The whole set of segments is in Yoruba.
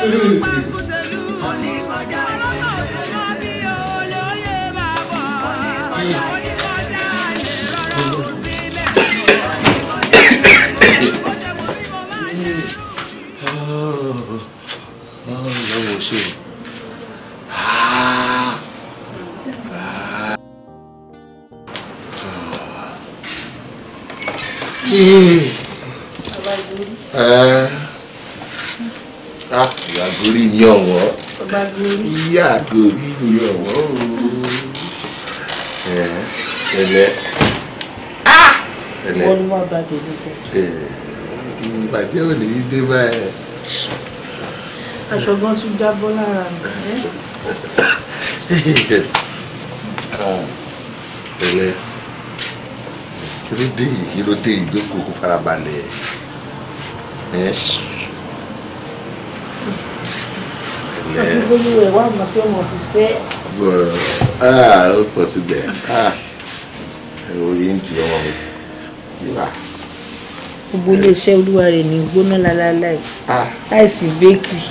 Ooh. àgòrí mi ọ̀wọ́ o ẹ̀lẹ́ ẹ̀lẹ́ ìbàjẹ́ ò ní dé báyẹn. aṣọ́gbọ́n tún jábọ́ lára mi. Ah, ẹ̀lẹ́ kí ló dé yìí kí ló dé yìí ló kó kó farabalẹ̀ ẹ̀. gbólú rẹ̀ wá mọ̀ tí ọmọ fi fẹ́. Ah, ó pọ̀ síbẹ̀ ah, ẹ̀rọ yìí ń ju ọmọ mi yíwá. gbogbo iléeṣẹ́ olúwa rẹ̀ ní gbóná láláláì ah. láìsí bẹ́kìrì.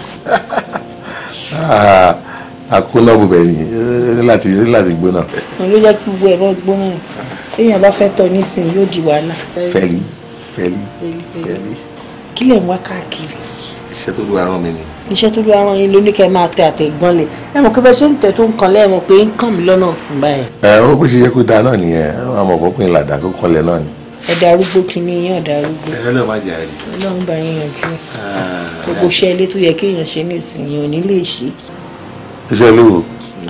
àkóná bùbẹ̀ ni láti láti gbóná. òun ló jẹ́ kí gbogbo ẹ̀rọ gbóná yìí èèyàn bá fẹ́ tọ́ nísìnyí yóò di wàhálà. fẹ́lí fẹ́lí fẹ́lí. kí lẹ̀ ń wá káàkiri. iṣẹ́ tó lù aràn mi nìyí iṣẹ́ tó lóra yín ló ní kẹ́ máa tẹ àtẹ̀gbọ́n lè ẹ mọ̀ pé bẹ́ẹ̀ ṣe ń tẹ̀ tó ń kan lẹ́ẹ̀mọ̀ pé ń kàn mí lọ́nà fún báyìí. ẹ ó bó ṣe yẹ kó dáa náà nìyẹn àwọn àmọ̀kọ́ pé ńlá dàkó kanlẹ̀ náà ni. ọ̀dà arúgbó kìíní yín ọ̀dà arúgbó. ọlọ́run bá jẹ́ rẹ̀. ọlọ́run bá yín yanjú. Ah. gbogbo iṣẹ́ ilé tó yẹ kéèyàn ṣe nísìnyí ò lè ṣe. iṣẹ́ ilé wo.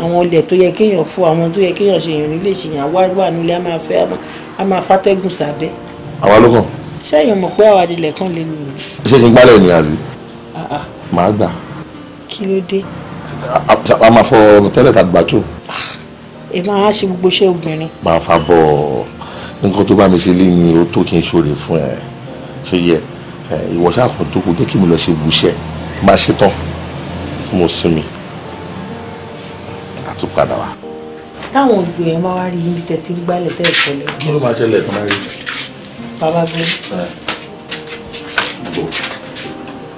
àwọn olè tó yẹ kéèyàn fún àwọn tó yẹ kéèyàn èèyàn ṣe yàn màá gbà. kí ló dé. a máa fọ tẹ́lẹ̀ tàbí gbàtú. ẹ máa ṣe gbogbo iṣẹ́ obìnrin. máa fa bọ̀ nǹkan tó bá mi ṣe léyìn o tó kí n ṣòro fún ẹ ṣe yẹ ìwọ ṣáàkùn tó kù jẹ́ kí mi lọ ṣe gbùṣẹ́ máa ṣe tán tí mo sinmi àtúpadà wa. táwọn olùgbò yẹn máa wá rí ibi tẹ̀sí ń gbálẹ̀ tẹ̀ ìfọ̀lẹ́. kí ló máa ṣẹlẹ̀ tó máa rí. bàbá gbé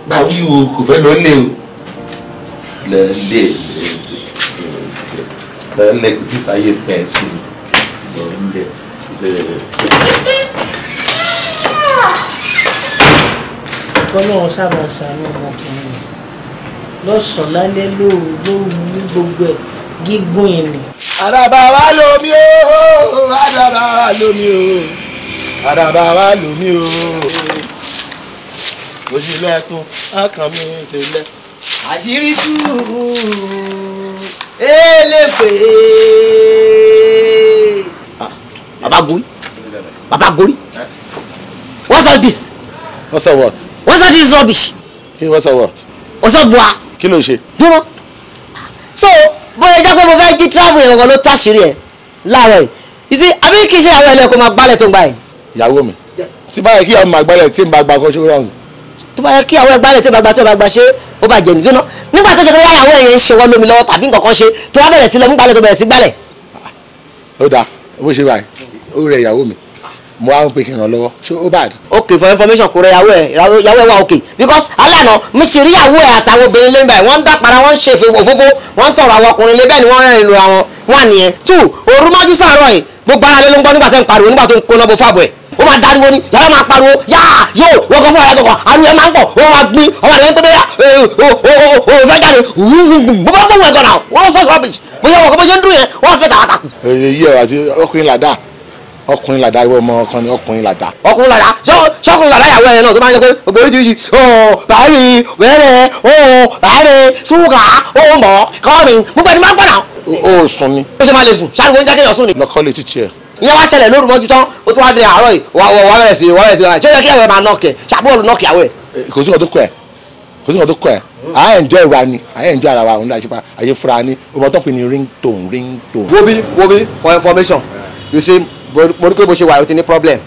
gba wíwo kò fẹ́ lọ lé o lọ lé lọ lé kò tí sáyé fún ẹ sí lọ lé. kọ́lọ́run sábà ṣàánú ọmọkùnrin lọ́sàn-án lálẹ́ lóru ní gbogbo ẹ̀ gígùn ìní. àràbà wa lomi o àràbà wa lomi o àràbà wa lomi o òsì lẹ́ẹ̀tún akàn mi ṣe lẹ́. àṣírí tú elépe. Ah, baba gori baba gori what's all this. what's all what. what's all this rubbish. kí what's all what. ọ̀sán bua. kí ló ṣe. dúró so bóyá jẹ́ pé mo fẹ́ jí travel ẹ̀wọ̀n ló tó àṣírí ẹ̀ láàárọ̀ yìí ìsì àbí kì í ṣe àwọn ẹlẹ́kọ̀ọ́ máa gbálẹ̀ tó ń gbà yìí. ìyàwó mi tí báyìí kí ìyàwó máa gbálẹ̀ tí ń bá gba akọ́ṣọ́ rà ọ̀hún tó bá yẹ kí àwọn ẹgbàá rẹ̀ tí bá gba tí bá gba ṣe ó bá jẹ̀ nìdúná nígbà tó ṣe pé wáyà àwọn èèyàn ń ṣe wọ́n lómi lọ́wọ́ tàbí nǹkan kan ṣe tó wá bẹ̀rẹ̀ sí lọ gbalẹ̀ tó bẹ̀rẹ̀ sí gbalẹ̀. ó dáa bó ṣe báyìí ó rẹ ìyàwó mi mo wá ń pè kí n ràn lọ́wọ́ ṣé ó bad. ok for information kò rẹ ìyàwó ẹ ìyàwó ẹ wà ok because alànà mi ṣe rí ìyàwó ẹ àtàwọn obìnrin lé báyìí wọ́n ń dápara wọ́n ń ṣe òfófó wọ́n ń sọ̀rọ̀ àwọn ọkùnrin lé bẹ́ẹ̀ ni wọ́n rẹ́rìn lu àwọn wà nìyẹn two òru mọ́jú sàárọ̀ yìí gbogbo ara lé ló ń gbọ́ nígbà tó ń pariwo nígbà tó ń kóná bó fàbọ̀ ẹ̀ ó máa dariwo ni yàrá máa pariwo yáà yóò wọ́n kọ́ fún ara kankan àrùn ẹ̀ máa ń pọ̀ ó máa gbin ọmọ rẹ̀ ń pẹ́ bẹ́yà ó fẹ́ jáde mo bá gbóhùn ẹ̀gàn náà wọ́n sọ rubbish mo yẹ wọ́n kọ́ bó ṣe ń dún yẹn wọ́n fẹ́ tàwátà kù. èyí ẹ àti ọkùnrin làdá ọkùnrin làdá ìwọ ọmọ ọkàn ni ọkùnrin làdá. ọkùnrin làdá ṣọkùnrin làdá ìyàwó ẹ náà tó máa ń yẹ pé ògbó oríṣiríṣi ọ̀ọ́ bàárì wẹ́rẹ́ ọ̀ọ́ bàárì ṣúgà ọ̀ọ́ mọ̀ kọ́ mi gbogbo ẹni máa ń pọ̀ náà. ó sùn ni. ó ṣe máa lè sùn ṣáà ló ń jẹ́ kéèyàn sùn ni. lọkọ lè ti tiẹ̀ ìyẹn wá ṣẹlẹ̀ lóru mọ́jú tán ó tún wá dé àárọ̀ yìí wà wà bẹ̀rẹ̀ sí wà bẹ̀rẹ̀ sí ṣé ó yẹ kí ẹ̀wẹ̀ máa nọ́ọ̀kẹ̀ ṣàbọ̀ọ̀lù nọ́ọ̀kẹ̀ àwẹ̀. Eh, kò sí nǹkan tó kọ ẹ kò sí nǹkan tó kọ ẹ à ń enjoy wa ni à ń enjoy ara wa òun láti pa àyè fura ni ó mọ tó pin ní ringtone ringtone. wo bí wo bí for information you see mo rí pé bó ṣe wà ó ti ní problem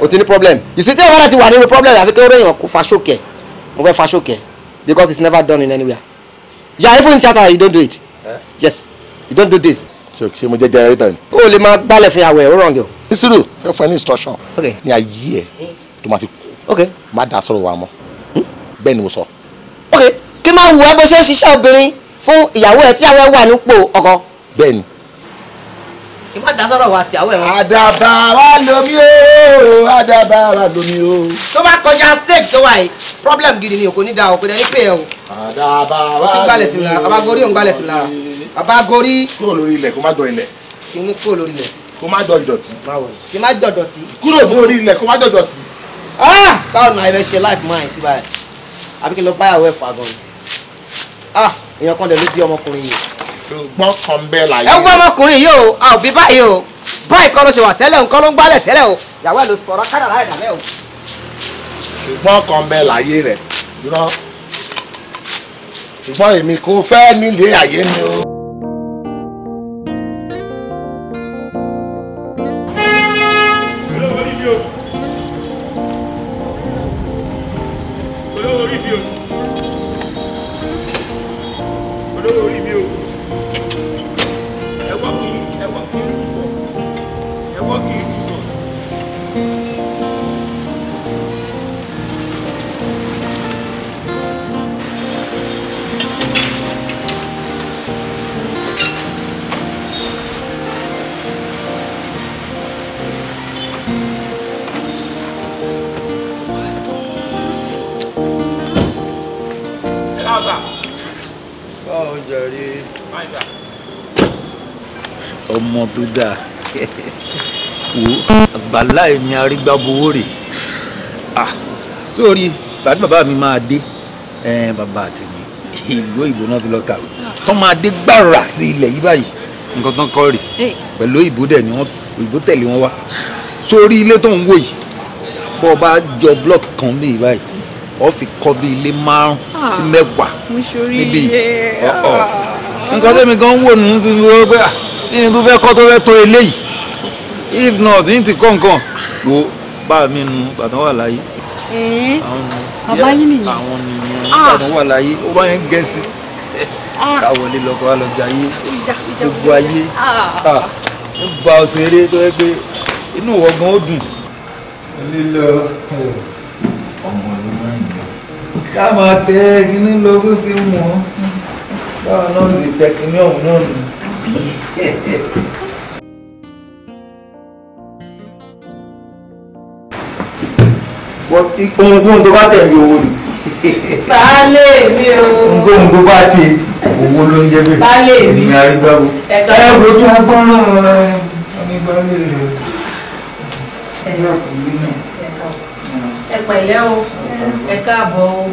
ó ti ní problem you see tí ìwádà ti wà nínú problem àfi kí ó rẹ̀yàn kó faṣókè mo fẹ́ faṣókè because it's never done in anywhere yeah even in theatre you don't do it eh? yes you don't do this ṣe ṣe mo jẹ generator ni. o lè máa gbálẹ̀ fún yàwó ẹ̀ ó o. isiru ẹ fún ẹ ní instruction ní ayé ẹ tó máa fi kú má dá sọ̀rọ̀ wa mọ́ hmm? bẹ́ẹ̀ ni mo sọ. ok kí máa wù ẹ́ bó ṣe ń ṣiṣẹ́ obìnrin fún ìyàwó ẹ̀ tí àwọn wà nípò ọkọ. bẹ́ẹ̀ ni. kì má dá sọ̀rọ̀ wa tìyàwó ẹ̀ wọn. àdàbà wa lomi o àdàbà wa lomi o. tó bá kọjá stage tó wà yìí problem gidi ni òkò ní da òkò dẹni pay o. àdàbà wa lomi o bàbá gorí. kúrò lórí ilẹ̀ kó má dọ̀ ilẹ̀. kí n mú kúrò lórí ilẹ̀. kó má dọ̀ ìdọ̀tí. kí n má dọ̀ ìdọ̀tí. kúrò lórí ilẹ̀ kó má dọ̀ ìdọ̀tí. Ah! báwo ni àìrẹ ṣe láìpẹ́ máa ń sí báyìí àbí kí n lọ báyàwó ẹ̀ fà gan ni. Ah! èèyàn kan dẹ̀ ló bí ọmọkùnrin yìí. ṣùgbọ́n kan bẹ́ẹ̀ láyé. ẹ gbọ́ ọmọkùnrin yìí o a ò bí báyìí o báyìí kọ́ ló ṣe wà tẹ́lẹ̀ nǹkan ló ń gbálẹ̀ tẹ́lẹ̀ o ìyàwó ẹ̀ ló sọ̀rọ̀ kádàrá ẹ̀ dàbẹ́ o. ṣùgbọ́n kan bẹ́ẹ̀ láyé rẹ̀ ṣùgbọ́n èmi kò fẹ́ nílé ayé mi o. láì mi arígbábuwó rè ah sórí bàtí bàbá mi máa dé bàbá àtẹ̀mí ìlú òyìnbó náà ti lọ kàwé tó máa dé gbàrà sí ilẹ̀ yìí báyìí nǹkan tán kọ́ rè pẹ̀lú òyìnbó dẹ̀ ni wọ́n òyìnbó tẹ̀lé wọn wá sórí ilé tó ń wò yìí bọ́ ọ bá jọ blọọkì kan bíi báyìí ọ fi kọ́ bí ilé márùn ah, sí mẹ́wàá níbí ọ̀ọ́ ah. nǹkan tẹ́mi gan wò nínú ti wọ́n pé ah, kí ni tó fẹ́ kọ́ tó fẹ́ tó eléyìí if not yín ti kọ̀ǹkọ̀ǹ wo bá mi nu bàtàn wà láyé. bàbá yín nìyẹn àwọn nìyẹn ah. bàtàn wà láyé ó bá yẹn gẹ̀ẹ́sì ah. ká wọlé lọkọ wa lọjà gbogbo ayé ń ba ọ̀sẹ̀ eré tó yẹ pé inú ọgbọ́n ó dùn. lílọ ọmọ ló máa ń yọ. ká máa tẹ kíní lọ bó ṣe mọ báwọn náà sì tẹ kíní ọ̀hún náà nù. ohun tó bá tẹ̀lé owó ni. baálé mi o. ohun tó bá ṣe owó ló ń jẹ́ bẹ́ẹ̀. baálé mi èmi arígbáwo. ẹ bójú agbọ́nrán onígbàlè rẹ̀. ẹ pẹ̀lẹ́ o ẹ káàbọ̀ o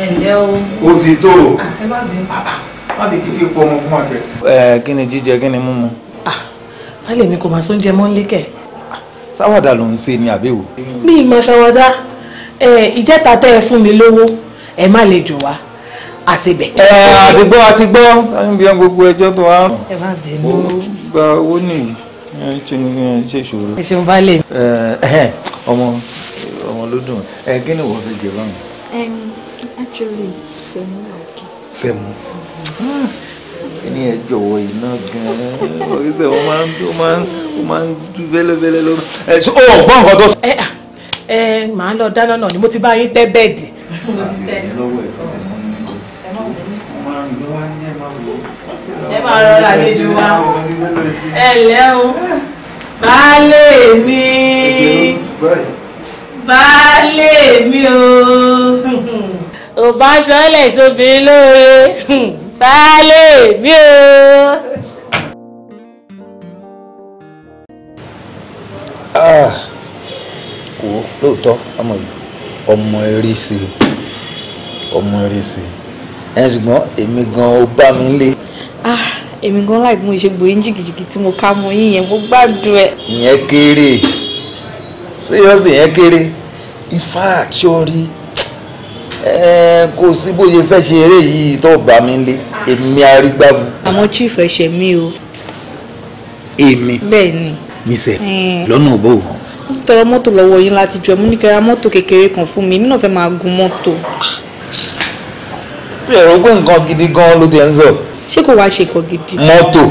ẹ ǹlẹ́ o. o ti tó o. ẹ má bínú. Ah, ah. má fi kíkí pọ ọmọ fún àgbẹ̀. ẹ kí ni jíjẹ kí ni mímu. baálé mi kò máa sóúnjẹ mọ́ ń lékẹ̀. sáwàdà ló ń ṣe ni àbẹ́wò. mi ì máa ṣàwàdà. Eh, ìjẹta tẹ́ ẹ fún mi lówó ẹ má lè jọ wá àṣebẹ̀. ẹ eh, àti gbọ́ àti gbọ́ táyọ̀ bí wọn gbogbo ẹjọ́ tó wá rùn. ẹ má bínú. ó gba owó nìyí ẹ ṣe ní ṣe ìṣòro. ẹ ṣeun bá lè. Eh, ọmọ ọmọ ló dùn ẹ kí ni wọ́n fi jẹ báwọn. Um, actually sẹ́mu o kì. sẹ́mu ní ẹjọ wọ iná gan-an orí sẹ́wọ̀n máa ń dún ó máa ń dún fẹ́lẹ́fẹ́lẹ́ ló. ẹ ṣe ó gbọ́ nǹkan tó ẹ màá lọ dáná náà ni mo ti bá yín tẹ́ bẹ́ẹ̀dì. ẹ máa rọra àlejò wa ẹ lẹ́ baálé mi baálé mi o ò bá ṣọlẹ̀ lóore baálé mi o. Ah kó lóòótọ́ ọmọ yìí ọmọ eré sí i ọmọ eré sí i ẹ ṣùgbọ́n èmi gan ó bá mi lé. ah èmi gan láì mú ìṣègbè yín jìgìjìgì tí mo ká mọ yín yẹn mo gbádùn ẹ. ìyẹn kéré seriously ìyẹn kéré in fact sọ́ọ́rí kò sí bóyá fẹ́ ṣe eré yìí tó bá mi lé èmi arígbámu. àmọ́ chief ẹ̀ṣẹ̀ mi o. èmi bẹ́ẹ̀ ni. mi sẹ́ eh. lọ́nà òbó o tọrọ mọ́tò lọ́wọ́ yín láti jọ mú ní kẹ́ ra mọ́tò kékeré kan fún mi èmi náà fẹ́ máa gun mọ́tò. tí ẹ̀rọ pé nǹkan gidi gan ló ti ń sọ. ṣé kò wáá ṣe nǹkan gidi. mọ́tò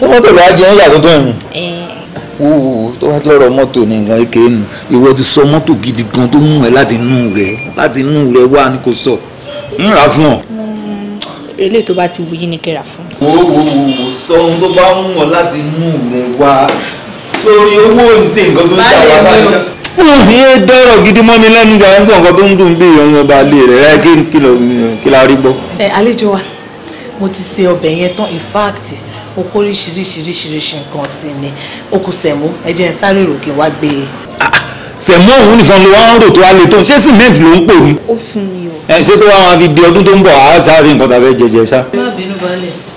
tó mọ́tò lọ́wọ́ jẹ́ yàtọ̀ tó ẹ̀rùn. wúwo tó wá lọ́rọ̀ mọ́tò ní nǹkan èké nù ìwọ ti sọ mọ́tò gidi gan tó mú ẹ láti inú rẹ láti inú rẹ wá ni kò sọ ń rà fún ọ hmm, eléyìí tó bá ti wù yín ni kẹ́ra fún. wo wo wo sọ ohun tó bá mú ọ láti inú rẹ wá torí owó ìṣe nǹkan tó ń jà wá báyìí. yé dọ́rọ̀ gidi mọ́ mi lẹ́nu gàá ń sọ nǹkan tó ń dùn bí ìyọ̀nyọ̀ bá lè rẹ̀ rẹ́ kí la rí gbọ́. ẹ àlejò wa mo ti ṣe ọbẹ̀ yẹn tán in fact o kó oríṣiríṣiríṣiríṣi nǹkan sí ni o kò sẹ̀mú ẹ̀jẹ̀ ń sáré ròkè wá gbé e. Ah, ah, sẹ̀mú ọ̀hún nìkan ló wá ń rò tó wá lè tó ṣé sìmẹ́ǹtì ló ń pò ní. ó fún mi o. ẹ ṣé tó wá wọn fi di ọdún tó ń bọ̀ àá sáré nǹkan tàbí jẹjẹ ṣá. má bínú balẹ̀.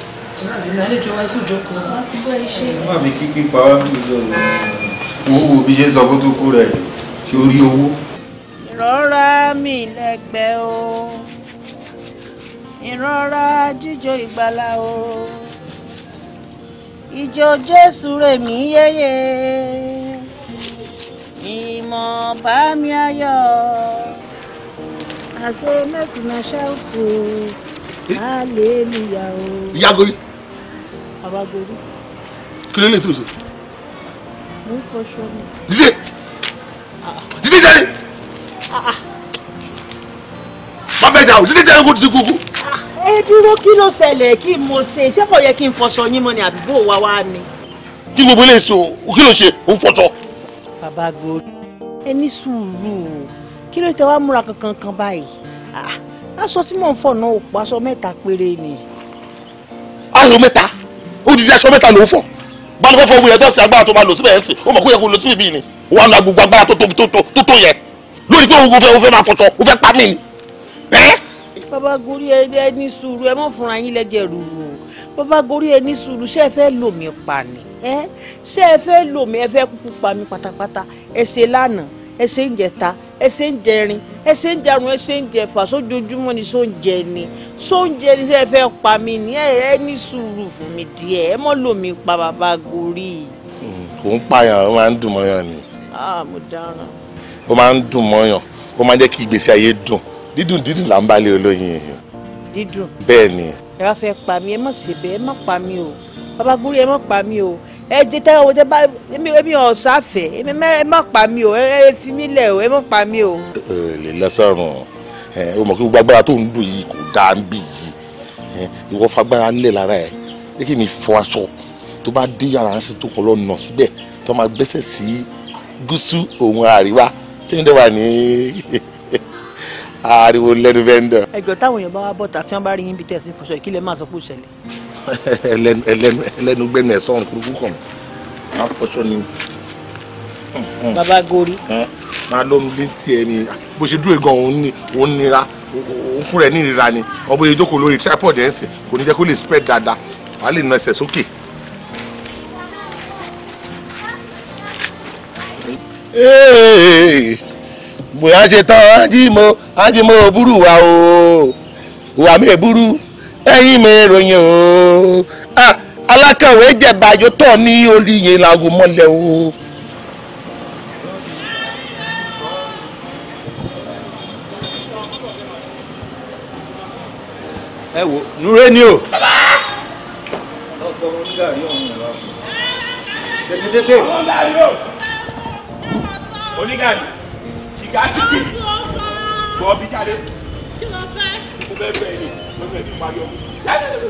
bí kíkí pa wá owó wo bí ṣe ń sọ kó tó kó rẹ̀ ṣe orí owó. ìrora mi lẹ́gbẹ̀ẹ́ o ìrora jíjó ìgbàlà o ìjó Jésù rè mí yéye ìmọ̀ bá mi ayọ̀ àṣẹ mẹ́kùnà ṣáùtù hallelujah o. ìyá gori. àwa gori kí ló lè tó ṣe. mo ń fọṣọ mi. dídé dídé jáde ah, ah. má bẹ́ẹ̀ jà o dídé jáde kó dídé kúkú. Ah, ẹ dúró kí ló ṣẹlẹ̀ kí mo ṣe ṣé kò yẹ kí n fọṣọ yín mọ́ ni àdúgbò wa wá ni. kí gbogbo ilé ìsìn o kí ló ṣe o ń fọṣọ. bàbá gbòòrò ẹ sùúrù o kí ló tẹ wá múra kankan kan báyìí aṣọ tí mò ń fọ̀ náà ò pa aṣọ mẹ́ta péré ni. aṣọ mẹ́ta ó di aṣọ mẹ́ta ló ń báwọn kò fọ owó tó ṣe agbára tó máa lò síbẹ̀ yẹn sì ó mọ̀ kó yẹ kó lò síbẹ̀ bíi ni wà lọ agbègbè agbára tó tóbi tó tó yẹ lórí pé òun fẹ́ òun fẹ́ máa fọṣọ òun fẹ́ pa ni. bàbá gorí ẹ ní sùúrù ẹ mọ̀ fúnra yín lẹ́jẹ̀ rúru o bàbá gorí ẹ ní sùúrù ṣé ẹ fẹ́ lò pa ni ṣé ẹ fẹ́ lò mí ẹ fẹ́ pa mí pátápátá ẹ ṣe lánàá ẹ ṣe ń jẹta ẹ ṣe ń jẹrin ẹ ṣe ń jarun ẹ ṣe ń jẹfà sójoojúmọ́ ni sóúnjẹ ni sóúnjẹ ni ẹ fẹ́ pa mí ni ẹ ẹ ní sùúrù fún mi díẹ̀ ẹ mọ́ lómi pa bàbá gorí. Hmm, kò ń pààyàn ó máa ń dùn mọ́yàn ni. mo dáràn. ó máa ń dùn mọ́yàn ó máa ń jẹ́ kí ìgbésí ayé dùn dídùn dídùn là ń bá lé olóyin yìí. dídùn. bẹ́ẹ̀ ni. ẹ bá fẹ́ pa mí ẹ má ṣe bẹ́ẹ̀ ẹ má pa mí o bàbá gorí ẹ má pa mí o ẹ jẹ tẹ ọ jẹ bá èmi èmi ọ sáfẹ èmi ẹ má pa mi o ẹ fi mi lẹ o ẹ má pa mi o. ẹ lè lẹsẹrun ẹ o mọ kí gbogbo agbára tó ń dùn yìí kò dáa ń bì yìí ìwọ fagbára ńlẹ lára ẹ ẹ kí mi fọ aṣọ tó bá dé yàrá ńsìn tó kàn lọ nà síbẹ̀ tó máa gbẹ́sẹ̀ sí gúúsù òun àríwá kí ni dẹ́wà ní ariwo lẹ́nu fẹ́ ń dàn. ẹgbẹ́ táwọn èèyàn bá wá bọ̀ tà tí wọ́n bá rí yín bí tẹ̀sí fọṣọ ìkílẹ̀ máa sọ pé ó ṣẹlẹ̀. ẹlẹ́nu gbẹ́nu ẹ̀sán òkúrukú kàn máa fọṣọ ni. Hmm. bàbá gori. máa ló ń bí tiẹ̀ ni bó ṣe dúró gan òun ni òun nira òun fúnra ẹ̀ ní ìrira ni ọbọ̀ yẹn jókòó lórí tripod ẹ̀ ń sìn kò ní jẹ́ kó lè spread dáadáa wàá lè na ẹsẹ̀ sókè. bóyá ṣe tán ájímọ́ ájímọ́ burú wa o wàmí ẹ̀ burú. ẹ̀yin mèrò yẹn o alákàwé jẹ̀bà yóò ní orí yẹn o. ẹ wo nure ni o. onígàrí sìgá kìkìrì bọ́ọ̀bì jáde ni. bẹ́ẹ̀ ti parí ọmọ jáde lè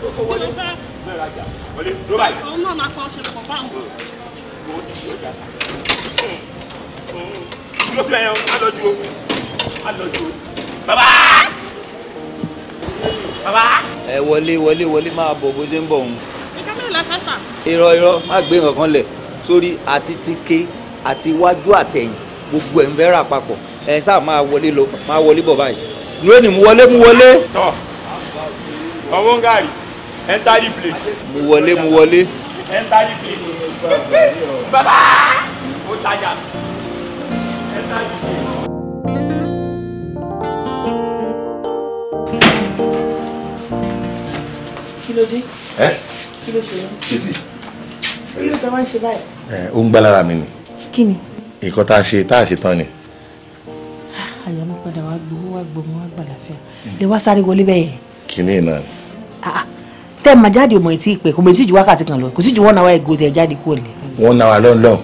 ẹ wọlé wọlé wọlé máa bọ̀ bó ṣe ń bọ̀ òun. irọ́ irọ́ má gbé nǹkan lẹ̀ sórí àti ti ké àti iwájú àtẹ̀yìn gbogbo ẹ̀ ń fẹ́ rà papọ̀ sáà máa wọlé lọ máa wọlé bọ̀ báyìí lónìí mú wọlé mú wọlé ọwọ́ ń gàrí enter the place. mo wọlé mo wọlé. enter the place. bàbá ó tajà enter the place. kí ló dé. ẹ kí ló ṣe yẹn. kìsì. kí ló tẹ wá ń ṣe báyìí. ẹ ó ń gbá lára mi ni. kí ìkọ́ tá a ṣe tá a ṣe tán ni. Ah, àyà mi padà wá gbowó wá gbowó wá gbàlàfẹ́ lè wá sáré wọlé bẹ́ẹ̀. kìnìún náà Ah, ah. tẹ́ ẹ jáde mọ̀ etí ìpè kò mẹ́tì ju wákàtí kan lọ kò sí ju one hour ago tẹ́ ẹ jáde kúrò lẹ́. one hour lọ́n lọ́n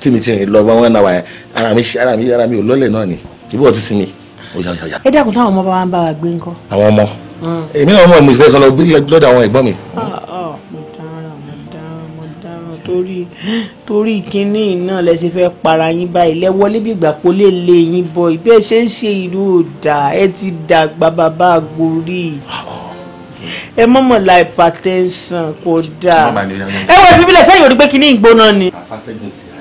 tí mi ti rìn lọ bá one hour ara mi ara mi ara mi ò lọ́lẹ̀ náà ni ìbí ọtí sinmi ojaojaoja. ẹ dákun táwọn ọmọ bá wa ń bá wa gbé ńkọ́. àwọn ọmọ hmm. èmi náà mọ ìmọ̀ ìṣẹ́ kan lọ lọ́dọ̀ àwọn ẹ̀gbọ́n mi. Ah, mo dáràn mo dáràn mo dáràn torí torí kínní náà lẹ ṣe fẹ́ para yín báyìí lẹ bí ìgbà kó lè lé yín bọ ìbẹ́ẹ̀ ṣe ń ṣe ìlú òdà ẹ mọ̀mọ̀ la hypertension kò dáa ẹ wọ ìfipí lẹ sẹ́yìn òdìgbé kínní ìgbóná ni.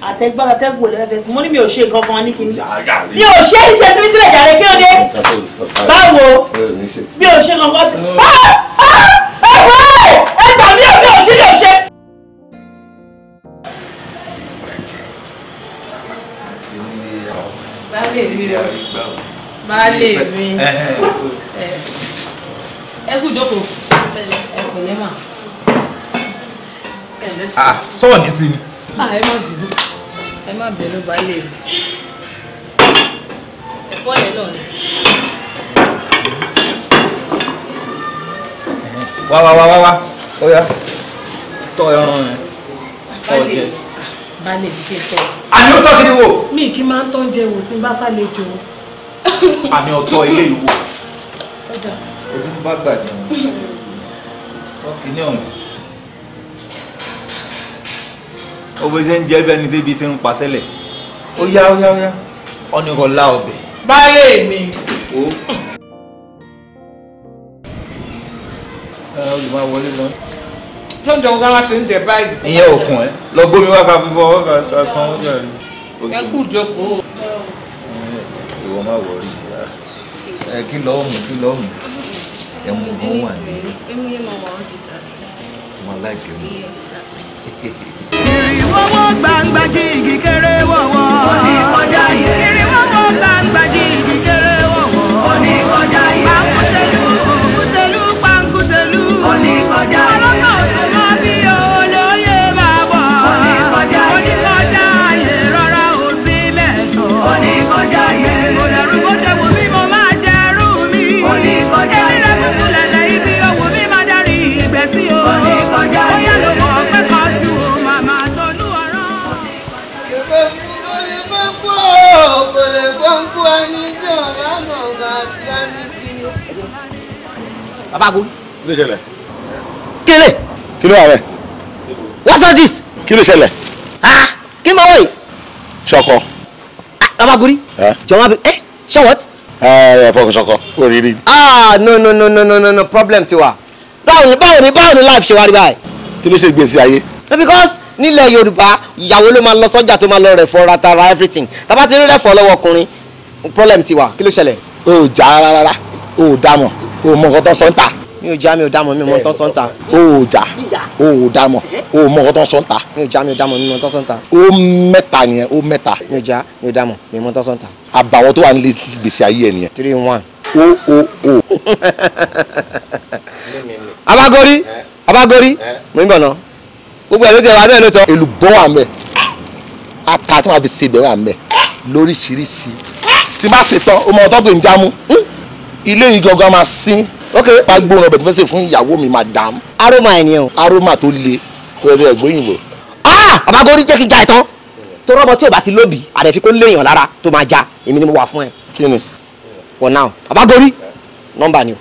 àtẹgbọ́n àtẹgbọ́n lè fẹ́ sí mo ní mi ò ṣe nǹkan kan ní kínní mi ò ṣe ní tẹ̀sí mi sílẹ̀ jàre kí ló dé báwo mi ò ṣe nǹkan kan sí. Ah! Ah! ẹ wọ ẹ gbà mí ò mi ò ṣe mi ò ṣe. baálé mi rẹ baálé mi ẹ kú ìjókòó ẹ pẹ̀lẹ́ mà. sọ́wọ́ ní sí ni. Ah, ẹ má bínú ẹ má bínú baálé mi ẹ̀fọ́ yẹn náà ni. wá wá wá wá wá ó yá tọ́ ẹran rẹ̀ ah, tọ́ jẹ. baálé mi kí n tọ́. àní ó tọ́ kí ni wò. mi kì í máa ń tọ́ oúnjẹ wò tí n bá fà lè jò. àní ọ̀tọ̀ ilé ìwò. ó ẹtú bá gbàjọ wọn kì í ní ọ̀hún. ó bó ṣe ń jẹ́ bẹ́ẹ̀ ni débi ti ń pa tẹ́lẹ̀ ó yá ó yá ó yá ọ̀nìkọ̀lá ọbẹ̀. baálé mi. olùmọ̀ wọlé lọ. tó ń jọ ọgá wa ti ń jẹ báyìí. ìyẹn òkun ẹ lọ gbómi wá ká fífọ ọwọ́ ká san owó sáré. ẹ kú jókòó. ìwọ má wọrí kí lọ́ọ̀mù kí lọ́ọ̀mù ẹmu gan wà ní. ẹmu yẹn mọ wọn ti sá. mo like àdúrà rẹ. what's all this. kí ló ṣẹlẹ̀. ah kí mọ̀ wọ̀nyí. ṣọkọ. babaguri. jọ̀wọ́ bi eh, ẹ ṣe what. ẹ fọkàn ṣọkọ o rí rí. ah no no no no no no no problem tiwa báwo ni báwo ni báwo ni life ṣe wá rí báyìí. kí ló ṣe gbèsè ayé. because nílẹ̀ yorùbá ìyàwó ló máa lọ sọ́jà tó máa lọ rẹ̀ fọ́ ratara everything tàbá ti rí rẹ̀ fọ́ lọ́wọ́ ọkùnrin problem tiwa kí ló ṣẹlẹ̀. o ò já rárá o ò dá mọ̀ o mọ nǹkan tó sọ ń ta mi ò já mi ò dámọ̀ mi mọ tán sọ́ńtà. o ò já o ò dámọ̀ o ò mọ tán sọ́ńtà. mi ò já mi ò dámọ̀ mi mọ tán sọ́ńtà. o mẹ́ta nìyẹn o mẹ́ta. mi ò já mi ò dámọ̀ mi mọ tán sọ́ńtà. àbàwọ́n tó wà nílé gbèsè ayé ẹ̀ nìyẹn. three one. o o o. abagori abagori mo ń bọ̀ náà gbogbo ẹ̀ ló jẹ́ wa bẹ́ẹ̀ ló tọ́. èlùbọ́ wà mẹ́ ata tí wọ́n fi ṣe ibẹ̀ wà mẹ́ lóríṣiríṣi tí bá ṣe tán o mọ ọtọ́ ok bá gbóòórùn ọbẹ̀ tó fẹ́ sè fún ìyàwó mi madam. aroma ẹ̀ ni o. aroma tó le tó ẹ fẹ́ gbóyìnbó. ah bàbá gori jẹ́ kí n ja ìtàn tó rọ́bọ tí o bá ti lóbi àdẹ̀fi kó léèyàn lára tó máa ja èmi ni mo wà fún ẹ. kí ni. for now bàbá gori nọ́mbà ni o.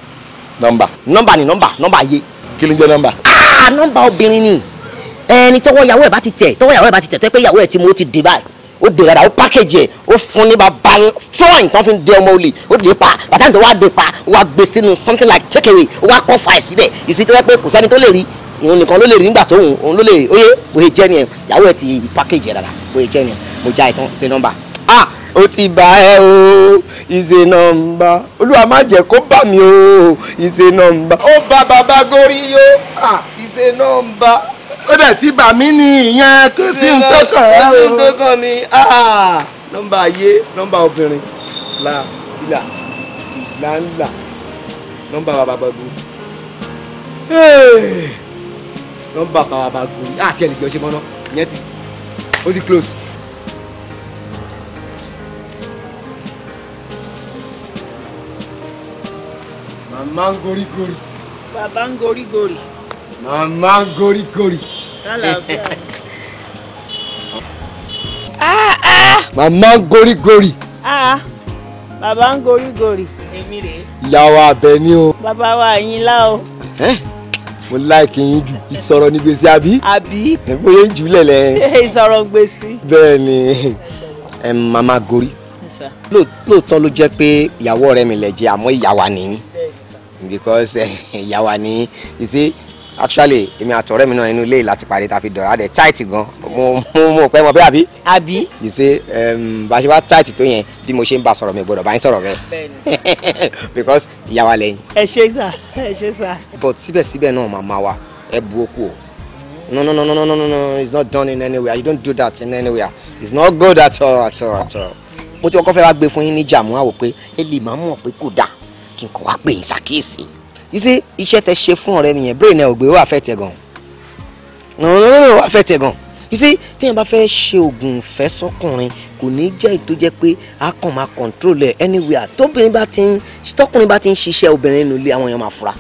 nọ́mbà. nọ́mbà ni nọ́mbà nọ́mbà yé. kí ló ń jẹ́ nọ́mbà. ah nọ́mbà obìnrin ni ẹni tọwọ́ ìyàwó ẹ̀ bá ti tẹ̀ tọwọ́ ìyàwó ẹ̀ bá ti tẹ̀ tó yẹ pé ìyàwó ẹ̀ ti mú ó ti dé báyìí ó dè dada ó package ẹ̀ ó fún ní bàbá strong tí wọ́n fi ń dé ọmọ olè ó dè pa bàtà ní tó wá pa ó gbé sínú something like take away ó wá kọ́ fa ẹ̀ síbẹ̀ ìsì tó yẹ pé kò sẹ́ni tó lè rí ìhun nìkan ló lè rí nígbà tó hùn òun ló lè oyè bóyè jẹ́ ni ẹ̀ ìyàwó ẹ̀ ti package ẹ̀ dada bóyè jẹ́ ni ẹ̀ mo já ìtàn ṣe nọ́mbà ah ó ti bá ẹ o ìṣe nọ́mbà olúwa má jẹ́ kó bà mí o ìṣe nọ́mbà ó bá bàbá gorí o ah ìṣe nọ́mbà ó dẹ̀ ti bà mí ní ìyẹn kò sí ń tọkàn ẹ́ o. sí ń tọkàn mi ah, nọ́mbà ayé nọ́mbà obìnrin là ìlà là ń là nọ́mbà bàbá gbàgbó nọ́mbà àti ah, ẹnìjọ ṣe mọ́ná ìyẹn ti ó ti close. màmá ń gorígorì. bàbá ń gorígorì. màmá ń gorígorì. Ah, ah. màmá ń gorígorì. Ah, bàbá ń gorígorì. èmi rèé. ìyàwó abẹ ni o. bàbá wa yín lá o mo láìkí yín jù ìsọ̀rọ̀ ní gbèsè àbí. àbí. bóyá jù lẹ̀lẹ̀. ìsọ̀rọ̀ gbèsè. bẹ́ẹ̀ ni màmá gorí. lóòótọ́ ló jẹ́ pé ìyàwó ọ̀rẹ́ mi lẹ̀ jẹ́ àmọ́ ìyàwó nìyí because ìyàwó nìyí ìṣe actually èmi àtọ̀rẹ́ mi náà inú ilé láti parí ta fi dọ̀rọ̀ adẹ̀ tight gan mo mo mo pẹ́ mọ bí àbí. àbí. yìí ṣe um, bá a ṣe wá tight tó yẹn bí mo ṣe ń bá sọ̀rọ̀ mi gbọ́dọ̀ bá yín sọ̀rọ̀ rẹ because ìyá wa lẹ́yìn. ẹ ṣe sà ẹ ṣe sà. but síbẹ̀síbẹ̀ náà màmá wa ẹ bu okú o no no no no no no no it's not done in anywhere you don't do that in anywhere it's not good at all at all at all. mo ti kọ́kọ́ fẹ́ wá gbé fún yín ní jàmú àwò pé ẹ lè máa mọ̀ pé kò dáa kí n kàn wá gbé yín ṣàkíyèsí yìí sí iṣẹ́ tẹ ṣe fún ọ̀rẹ́ mi yẹn brain ẹ̀ ò gbé wà fẹ́ tẹ̀ gan wà fẹ́ tẹ̀ gan yìí sí téèyàn bá fẹ́ ṣe oògùn ìfẹ́ sọ́kùnrin kò ní jẹ́ èyí pé a kàn máa control ẹ̀ anywhere tóbìnrin bá ti ń tọkùnrin bá ti ń ṣiṣẹ́ obìnrin nínú ilé àwọn èèyàn máa fura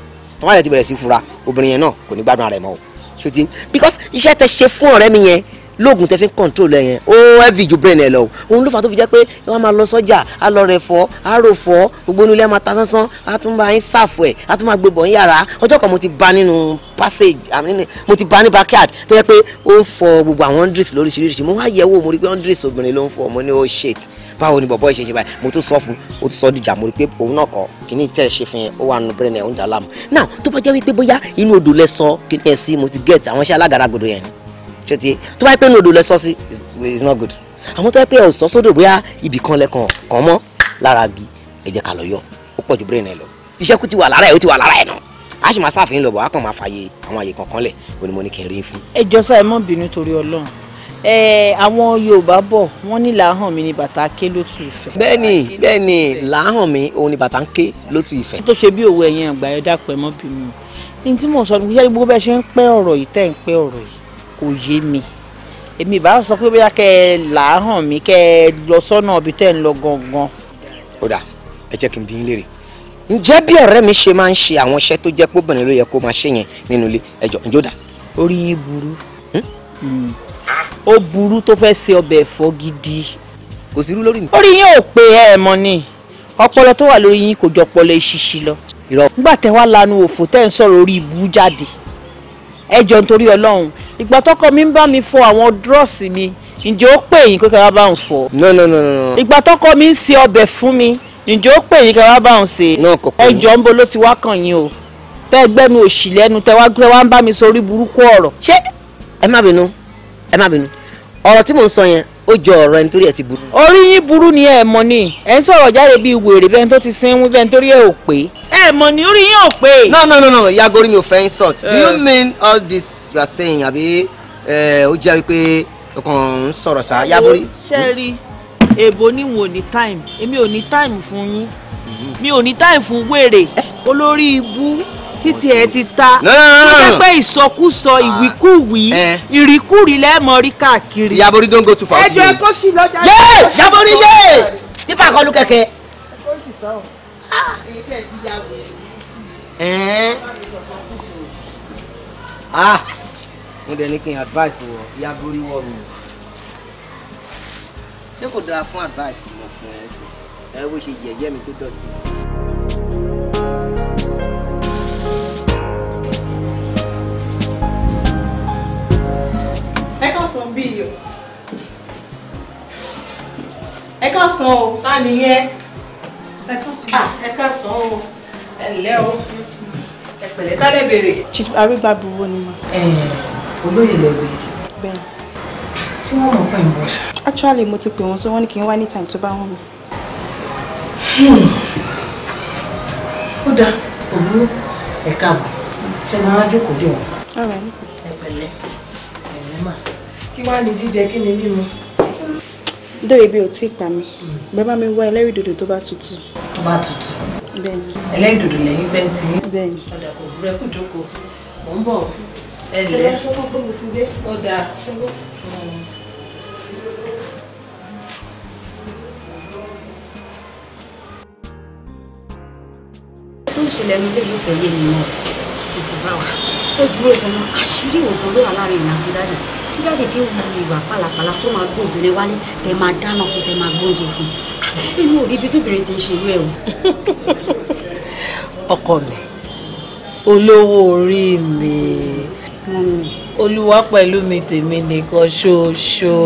àwọn àyẹ̀ ti bẹ̀rẹ̀ sí fura obìnrin yẹn náà kò ní gbádùn ara ẹ̀ mọ́ o ṣùtì because iṣẹ́ tẹ ṣe fún ọ̀rẹ́ mi yẹn lóògùn tẹ fi ń kọ̀ǹtrol ẹ̀ yẹn ó heavy ju brain ẹ̀ lọ òun ló fà tó fi jẹ́ pé wọ́n máa lọ sọ́jà á lọ rẹ̀ fọ́ á rò fọ́ gbogbo inú ilé máa ta sánsán á tún máa ń ṣàfọ̀ ẹ̀ á tún máa gbé bọ̀ ń yàrá ọjọ́ kan mo ti ba nínú passage mo ti ba ní backyard tó yẹ pé ó ń fọ gbogbo àwọn hundreds lóríṣiríṣi mo wá yẹ̀wò mo rí pé hundreds obìnrin ló ń fọ mo ní ó oh, shit báwo ni bọ̀bọ̀ ìṣe ṣe báyìí mo tún sọ fún o tún sọ dìjà mo rí pé òun náà kọ kíní tẹ́ ṣe fún ó wà nù brain ẹ̀ ó ń dà láàmú now tó bá jẹ́ wípé bóyá inú odò lẹ sọ kíní ẹ sí mo ti get àwọn iṣẹ́ alágàràgòdò yẹn ṣe ti tó bá yẹ pé ní odò lẹ sọ sí it's not good àmọ́ tó yẹ pé ẹ ò sọ sódò bóyá ibì kan lẹ́kàn kàn mọ́ lára gi ẹ jẹ́ ká lọ yọ ó pọ̀ ju brain ẹ lọ iṣẹ́ kú ti wà lára ẹ ó ti wà lára ẹ náà a sì máa sáfihàn lọ bọ̀ a kàn máa fààyè àwọn àyè kankan lẹ̀ òní mo ní kí n rí fún. ẹ jọ sá ẹ má bínú torí Ọlọ́run ẹ àwọn Yorùbá bọ̀ wọ́n ní làáhàn mi ni bàtà ké lótú ìfẹ́. bẹ́ẹ̀ni bẹ́ẹ̀ni làáhàn mi òun ni bàtà ń ké lótú ìfẹ́. tó ṣe bí òwe ẹ̀yìn àgbáyọ dàpọ̀ ẹ má bínú ní tí mò ń sọ ní gbogbo bẹ́ẹ̀ ṣe ń pẹ́ ọ̀rọ̀ yìí tẹ́ ń pẹ́ ọ̀rọ̀ yìí kò yé mi èmi ìbá sọ pé bóyá kẹ ẹ là á hàn mí kẹ ẹ lọ sọ́nà ibi tẹ́ ń lọ gangan. ó dà ẹ jẹ́ kí n bí yín léèrè ǹjẹ́ bí ọ̀rẹ́ mi ṣe máa ń ṣe àwọn iṣẹ́ tó jẹ́ pé obìnrin ló yẹ kó máa ṣe yẹn nínú ilé ẹjọ́ ǹjọ́ dà. orí yín burú hmm? Hmm. ó burú tó fẹ́ ṣe ọbẹ̀ ẹ̀fọ́ gidi. kò sí irú lórí mi. orí yín ò pé ẹ mọ ni ọpọlọ tó wà lórí yín kò jọ ọpọlọ ìṣiṣi lọ. nígbà tẹ wá lanu òfò tẹ́ ń sọ̀rọ̀ orí ibú jáde ẹ jọ nítorí ọlọ́run ìgbà tọkọ mi ń bá mi fọ àwọn dírọ́ọ̀sì mi ǹjẹ́ ó pè yín pé ká wá bá òun fọ. no no no no. ìgbà tọkọ mi ń ṣe ọbẹ̀ fún mi ǹjẹ́ ó pè yín ká wá bá òun ṣe. náà kò pè mí. ẹjọ́ ń bo ló ti wá kàn yín o tẹ́ ẹgbẹ́nu òṣì lẹ́nu tẹ́ wá gbé wá ń bá mi sorí burúkú ọ̀rọ̀. ṣé ẹ má bínú ẹ má bínú ọ̀rọ̀ tí mò ń sọ yẹn ó jọ ọ̀rọ̀ ẹni torí ẹ ti burú. orí yín burú ni ẹ mọ ni ẹ ń sọ̀rọ̀ jáde bíi wèrè bẹ́ẹ̀ tó ti sin wí bẹ́ẹ̀ torí ẹ ò pé ẹ mọ̀ ní orí yín ò no no no no yagori mi ò fẹ́ insult do you eh. mean all this you are saying àbí eh, ó jẹ́ wípé o kàn ń sọ̀rọ̀ ṣá yagori. ṣe rí èbó ni wọn ní time èmi ò ní time fún yín mi ò ní time fún wèrè eh. olórí ibú títí ẹ ti ta tó jẹ́ pé ìsọkúsọ ah. ìwíkúwí ìríkúrí lẹ́ẹ̀mọ́ rí káàkiri. yabori don go too far. ẹjọ ẹ kó sí lọ́jà. yé yabori yé tipa kọlu kẹ̀kẹ́. ẹ kó sì Ah! ah mo dẹ̀ ní kí n advice wọ yagori wọ mi ṣé kò dáa fún advice mo fún ẹ sí ẹ bó ṣe yẹ̀yẹ́ mi tó dọ̀tí. ẹ kàn sàn bí iyọ̀ ẹ kàn sàn o ta nìyẹn ẹ káàsán ah, o ẹ lẹ́ o ẹ pẹ̀lẹ́ tálẹ̀ béèrè. chief arígbàbí wo ni ma. olóyè lè béèrè. bẹ́ẹ̀. ṣé wọ́n mọ̀ pé ń bọ̀ ṣá. actually mo ti pè wọ́n sọ wọ́n ní kí n wá ní time tó bá wọ́n mi. Hmm. ó dáa òwúrọ̀ ẹ káàbọ̀ ṣe máa jókòó dé wọn. ẹ pẹ̀lẹ́ ẹ̀rẹ́ mà kí wàá ní jíjẹ kí ni mímu. dóòye bí o ti pa mi hmm. bẹ́ẹ̀ bá mi wá ẹlẹ́rìí dòdò tó bá tutù tó bá tutù. ẹlẹ́dòdò lẹ́yìn bẹ́ǹtì yín ọ̀dà kò burẹ́ kò jókòó mò ń bọ̀ ẹ lẹ́ ẹ̀rọ tó kọ́ pé mo ti dé ọ̀dà ṣẹ́gun. tó ń ṣẹlẹ̀ ní ilé ìfẹ́ yé mi mọ́ tètè bá wa ẹ dúró gan-an àṣírí òògùn ló wà láàrin ìyá àti dáàdì tí dáàdì fi ń wu ìwà pálapàla tó máa gbé obìnrin wálé tẹ máa dáná fún tẹ máa gbóúnjẹ fún un inú òrí ibi tóbìnrin ti ń ṣe rẹ o. ọkọ mi olówó orí mi olúwa pẹ̀lú mi tèmi nìkan ṣoṣo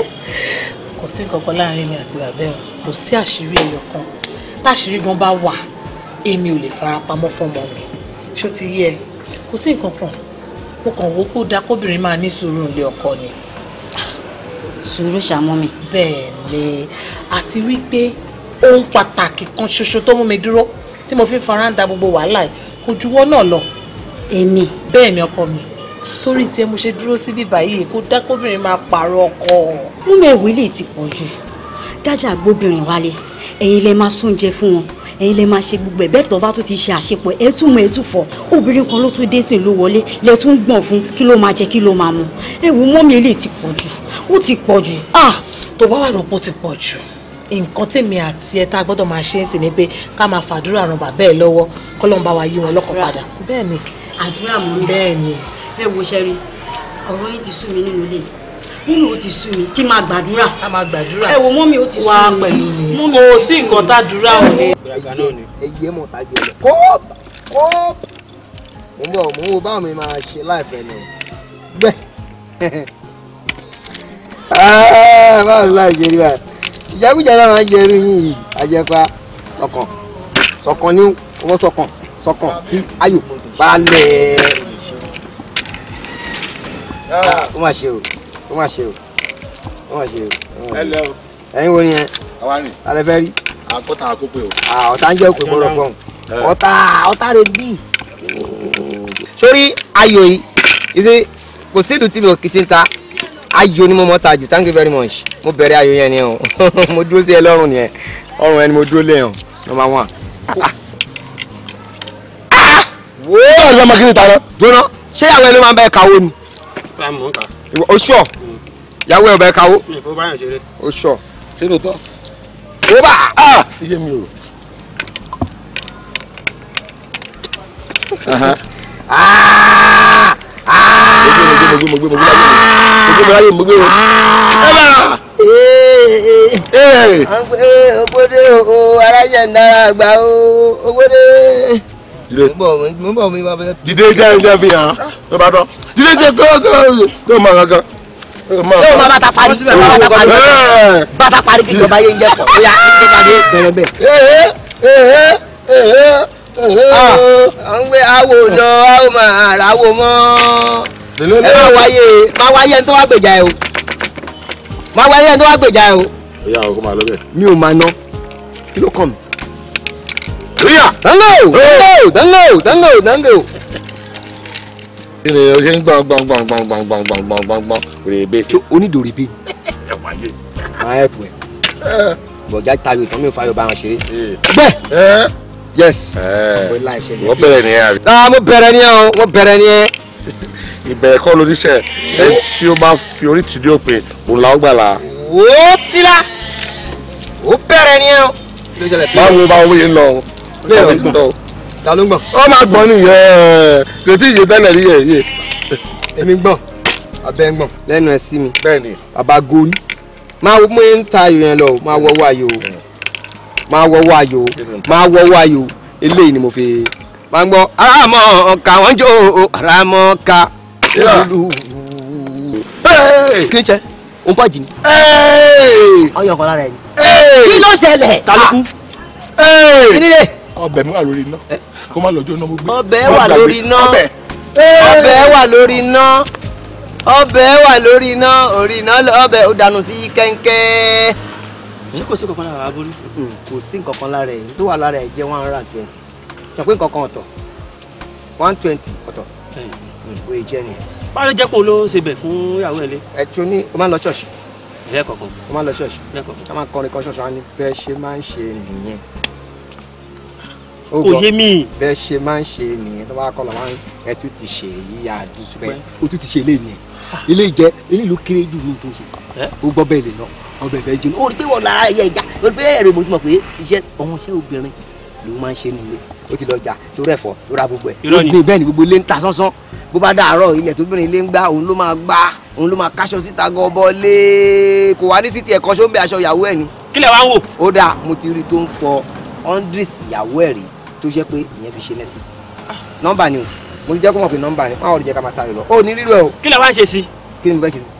kò sí nǹkan kan láàrin mi àti bàbá ẹ̀ kò sí àṣírí ẹyọ kan táṣírí gan bá wà èmi ò lè fara pamọ́ fọmọ mi ṣó ti yẹ kò sí nǹkan kan mo kàn wò ó pé ó dáa kóbìnrin máa ní sùúrù ilé ọkọ ni sùúrù ṣàmú mi. bẹ́ẹ̀ ni àti wípé ohun pàtàkì kan ṣoṣo tó mú mi dúró tí mo fi ń faranda gbogbo wàhálà yìí kò juwọ́ náà lọ. èmi. bẹ́ẹ̀ ọkọ mi torí tiẹ̀ mo ṣe dúró síbí báyìí kó dákóbìnrin máa pààrọ̀ ọkọ. múmẹ̀wé lè ti pọ̀ jù dájà gbóbìnrin wálé ẹ̀yin lè máa sóúnjẹ fún wọn ẹ̀yin lè máa ṣe gbogbo ẹ̀ bẹ́ẹ̀ tó bá tún ti ṣe àṣepọ̀ ẹ̀ tún mú ẹ̀ tún fọ̀ obìnrin kan ló tún dé sí ìlú wọlé lẹ̀ tún gbọ̀n fún kí ló máa jẹ kí ló máa mu ẹ wo mọ́mí eléyìí ti pọ̀ jù ó ti pọ̀ jù. Ah! tó bá wà lọ́pọ̀ ti pọ̀ jù nǹkan tèmi àti ẹ tá a gbọ́dọ̀ máa ṣe é sí ni pé ká máa fàdúrà ran bàbá ẹ lọ́wọ́ kọ́lọ́n bá wa yí wọn lọ́kàn padà bẹ́ẹ̀ ni àdúrà mú bẹ́ẹ̀ ni ẹ wo ṣẹ́rí ọ̀rọ̀ yìí ti sú mi nínú ilé yìí mímí o ti sú mi kí n máa gbàdúrà. a máa gbàdúrà ẹ wo mọ́mí o ti sú mi. wà pẹ̀lú mi kò sí nǹkan tá a dúrà ò lè. ẹyẹ mọ̀ tá a kó kó mo ń bọ̀ mo ń wo báwọn mi máa ṣe láìpẹ́ ni o báwo ni láì jẹrí báyìí ìjẹkújẹrẹ máa ń jẹrí yìí àjẹpá sọkàn sọkàn ní owó sọkàn sọkàn sí ayò balẹ̀. Ah, ó mà ṣe o ó mà ṣe o ó mà ṣe o. ẹ lẹ o. ẹyin wo ni yẹn. àwa ni. alẹ́ fẹ́ rí. àkọ́tà àkópè o. ọ̀tá ń jẹ́ òkè gbọ́dọ̀ gbọ́n ọ̀tá ọ̀tá rẹ bí. sórí ayò yìí ìṣe kò sí ìlú mi ò ń ta ayò ni mo mọ̀ ta jù thank you very much mo bẹ̀rẹ̀ ayò yẹn ni o mo dúró sí ẹ lọ́rùn ni ẹ ọrùn ẹ ni mo dúró lé hàn number one. wọ́n ọ̀rẹ́ ọmọ kí ni ta náà. jóná ṣé àwọn ẹni máa ń bẹ kàwé ni. oṣù ọ̀ yàwó ẹ ọbẹ káwó. o sọ ṣé ló tọ́. ó bá a. iye mi o. Ogbode o arajà nara gba o ogbode. Dìde mo bọ̀ mi bá fẹ́. Dìde jẹ́ ẹ̀ ń jẹ́ fi hàn. Dìde jẹ́ kọ́ kọ́ kọ́ máa kankan ṣé o ma bàtà parí ṣé o ma bàtà parí bàtà parí kí ìjọba yé ń jẹ pọ̀ ó yà kí ìjọba yé bẹ̀rẹ̀ bẹ̀. à ń gbé awo lọ a ó máa ràwọ mọ́ ẹ má wáyé má wáyé ẹni tó wá gbèjà ẹ o má wáyé ẹni tó wá gbèjà ẹ o. ìyá o kò máa lọ bẹ́ẹ̀. mi ò máa ná kí ló kàn mí. ríyà. dango dango dango dango dango ilẹ̀ ọ̀sẹ̀ ń gbọ̀n gbọ̀n gbọ̀n gbọ̀n gbọ̀n gbọ̀n gbọ̀n gbọ̀n gbọ̀n gbọ̀n rèébé. tó onídòrèbé máa ẹ̀ pù ẹ̀ bọ̀já tayọ ìtàn mi ò fayọ bá wọn ṣeré. bẹ́ẹ̀ yes wọ́n bẹ̀rẹ̀ nìyẹn àbí. ah mo bẹ̀rẹ̀ nìyẹn o mo bẹ̀rẹ̀ nìyẹn. ìbẹ̀rẹ̀ kọ́ lóníṣẹ́ ẹ tí ó máa fi orí tìdí òpè òun làwọn gbà la. wò ó tila ó bẹ̀rẹ̀ nìyẹn o. báwo báwo yìí ń lọ o. bẹ́ẹ̀ o ta ló ń gbọ̀n. ó máa gbọ́n nìyẹn kò tí ì yé tẹ́lẹ̀ rí yẹn yé. èmi gbọ̀n abẹ́ ń gbọ̀n. lẹ́nu ẹ sí mi. bẹ́ẹ̀ni. bàbá gorí máa wo mo ń ta ayò yẹn lọ máa wọ́wọ́ ayò máa wọ́wọ́ ayò máa wọ́wọ́ ayò eléyìí ni mo fi máa ń gbọ́ aramọ̀ ọ̀ka wọ́n jó aramọ̀ ọ̀ka. kí ni sẹ́ o ń bọ̀ jì ní. ọyọ̀ lára ẹ̀ ni. kí ló ṣẹlẹ̀. ta kí ni ọbẹ̀ mi wà lórí iná eh? kó má lọ́jọ́ iná mo gbé. ọbẹ̀ wà lórí iná ọbẹ̀ eh! wà lórí iná ọbẹ̀ wà lórí iná orí iná ọbẹ̀ ó dànù sí kẹ́ńkẹ́. ṣé kò sí kankan lára aborí. Hmm, kò sí nkankan lára ẹ̀ tó wà lára ẹ̀ jẹ́ one hundred and twenty sọ pé nkankan ọ̀tọ̀ one twenty ọ̀tọ̀ òye hmm, jẹ́ ni. báwo ló jẹ́ pé òun ló ṣe bẹ̀ fún ìyàwó ẹ̀ lé. ẹ tí o ní o máa ń lọ ṣọ́ọ̀ṣì. lẹ́ẹ̀kọ̀ọ̀kan. o máa ń lọ ṣọ́ọ̀ṣì. lẹ́ẹ̀kọ̀ọ̀kan. a máa kọrin kan ṣọ́ọ̀ṣì wọn ni bẹ́ẹ̀ ṣe máa ń ṣe nìyẹn kò yé mi. bẹ́ẹ̀ ṣe máa ń ṣe nìyẹn tó bá kọ́ lọ́ máa ń ẹ tún ti ṣe èyí àdúpẹ́ o tún ti ṣe eléyìí nìyẹn ilé ìjẹ ilé ìlú kéré jù ní ìtòsí o gbọ́ bẹ́ẹ̀ lè lọ ọbẹ̀ bẹ́ẹ̀ jóná o rí pé wọ́n lára ẹ̀yẹ ìjà o rí pé ẹ̀rọ mo ti mọ̀ pé iṣẹ́ ọmọ iṣẹ́ obìnrin ló máa ń ṣe nílé o ti lọ jà tó rẹ̀ fọ́ tó ra gbogbo ẹ̀ o ní bẹ́ẹ̀ ni gbogbo ilé ń ta sánsán bó bá dàárọ̀ ilẹ̀ tó bìnrin ilé ń gbá òun ló máa gbá òun ló máa káṣọ síta gọbọ kò wá ní sítì ẹ̀kọ́ ṣó ń bẹ aṣọ ìyàwó ẹ̀ ni. kílẹ̀ wá ń wò. ó dáa mo ti rí tó ń fọ ọ́ndrìs ìyàwó ẹ̀ rèé tó jẹ́ pé ìyẹn fi ṣe nẹ́sìsì nọ́mbà ni o mo ti jẹ́ kó mọ̀ pé nọ́mbà ni wọn ò rí jẹ́ ká máa tayò lọ ó ní rírọ o. kí lè wá ṣe sí. kí ni mo fẹ́ ṣe sí.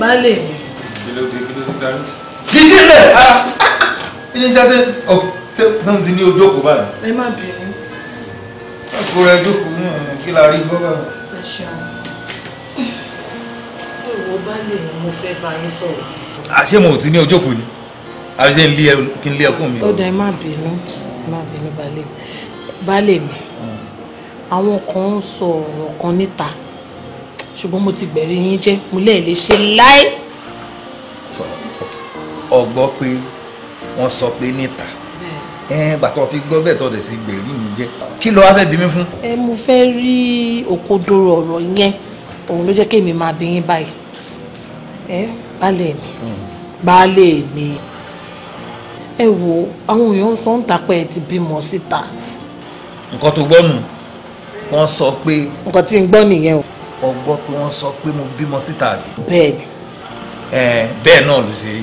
baálé mi. kí ló dé kí ló dé darí. dídí rẹ̀ ah! iléeṣẹ́ ṣe ọ ṣe ń ti ní ojú òkú báyìí. ẹ má bínú. àkórè ojú náà kí la rí bọ́ báyìí. ẹ ṣeun bá lè ní mo fẹ́ bá yín sọ̀rọ̀. àṣé ah, mo ò ti ní ọjọ́ kò ní àbí ṣe kí n lé ẹkún mi. ó dá ẹ má bínú má bínú balẹ̀ balẹ̀ mi hmm. àwọn kan ń sọ ọ̀rọ̀ kan níta ṣùgbọ́n mo ti gbẹ̀rí yín jẹ́ mo lẹ́ẹ̀ lè ṣe láì. ọgbọ́ pé wọ́n sọ pé níta bàtọ̀ ti gbọ́ bẹ́ẹ̀ tọ́ dẹ̀ sí gbẹ̀rí mi jẹ́ kí ló fẹ́ bí mi fún. ẹ mo fẹ́ rí òkodoro ọ̀rọ̀ yẹn òun ló jẹ́ kémi máa bí yín báyìí baálé mi hmm. baálé mi ẹ wo àwọn èèyàn sọ ń tapẹ́ ẹ ti bímọ síta. nǹkan tó gbọ́ nù wọ́n sọ pé. nǹkan tí ń gbọ́ nìyẹn o. wọ́n gbọ́ pé wọ́n sọ pé mo bímọ síta àbí. bẹ́ẹ̀ni. ẹ bẹ́ẹ̀ náà ló ṣe rí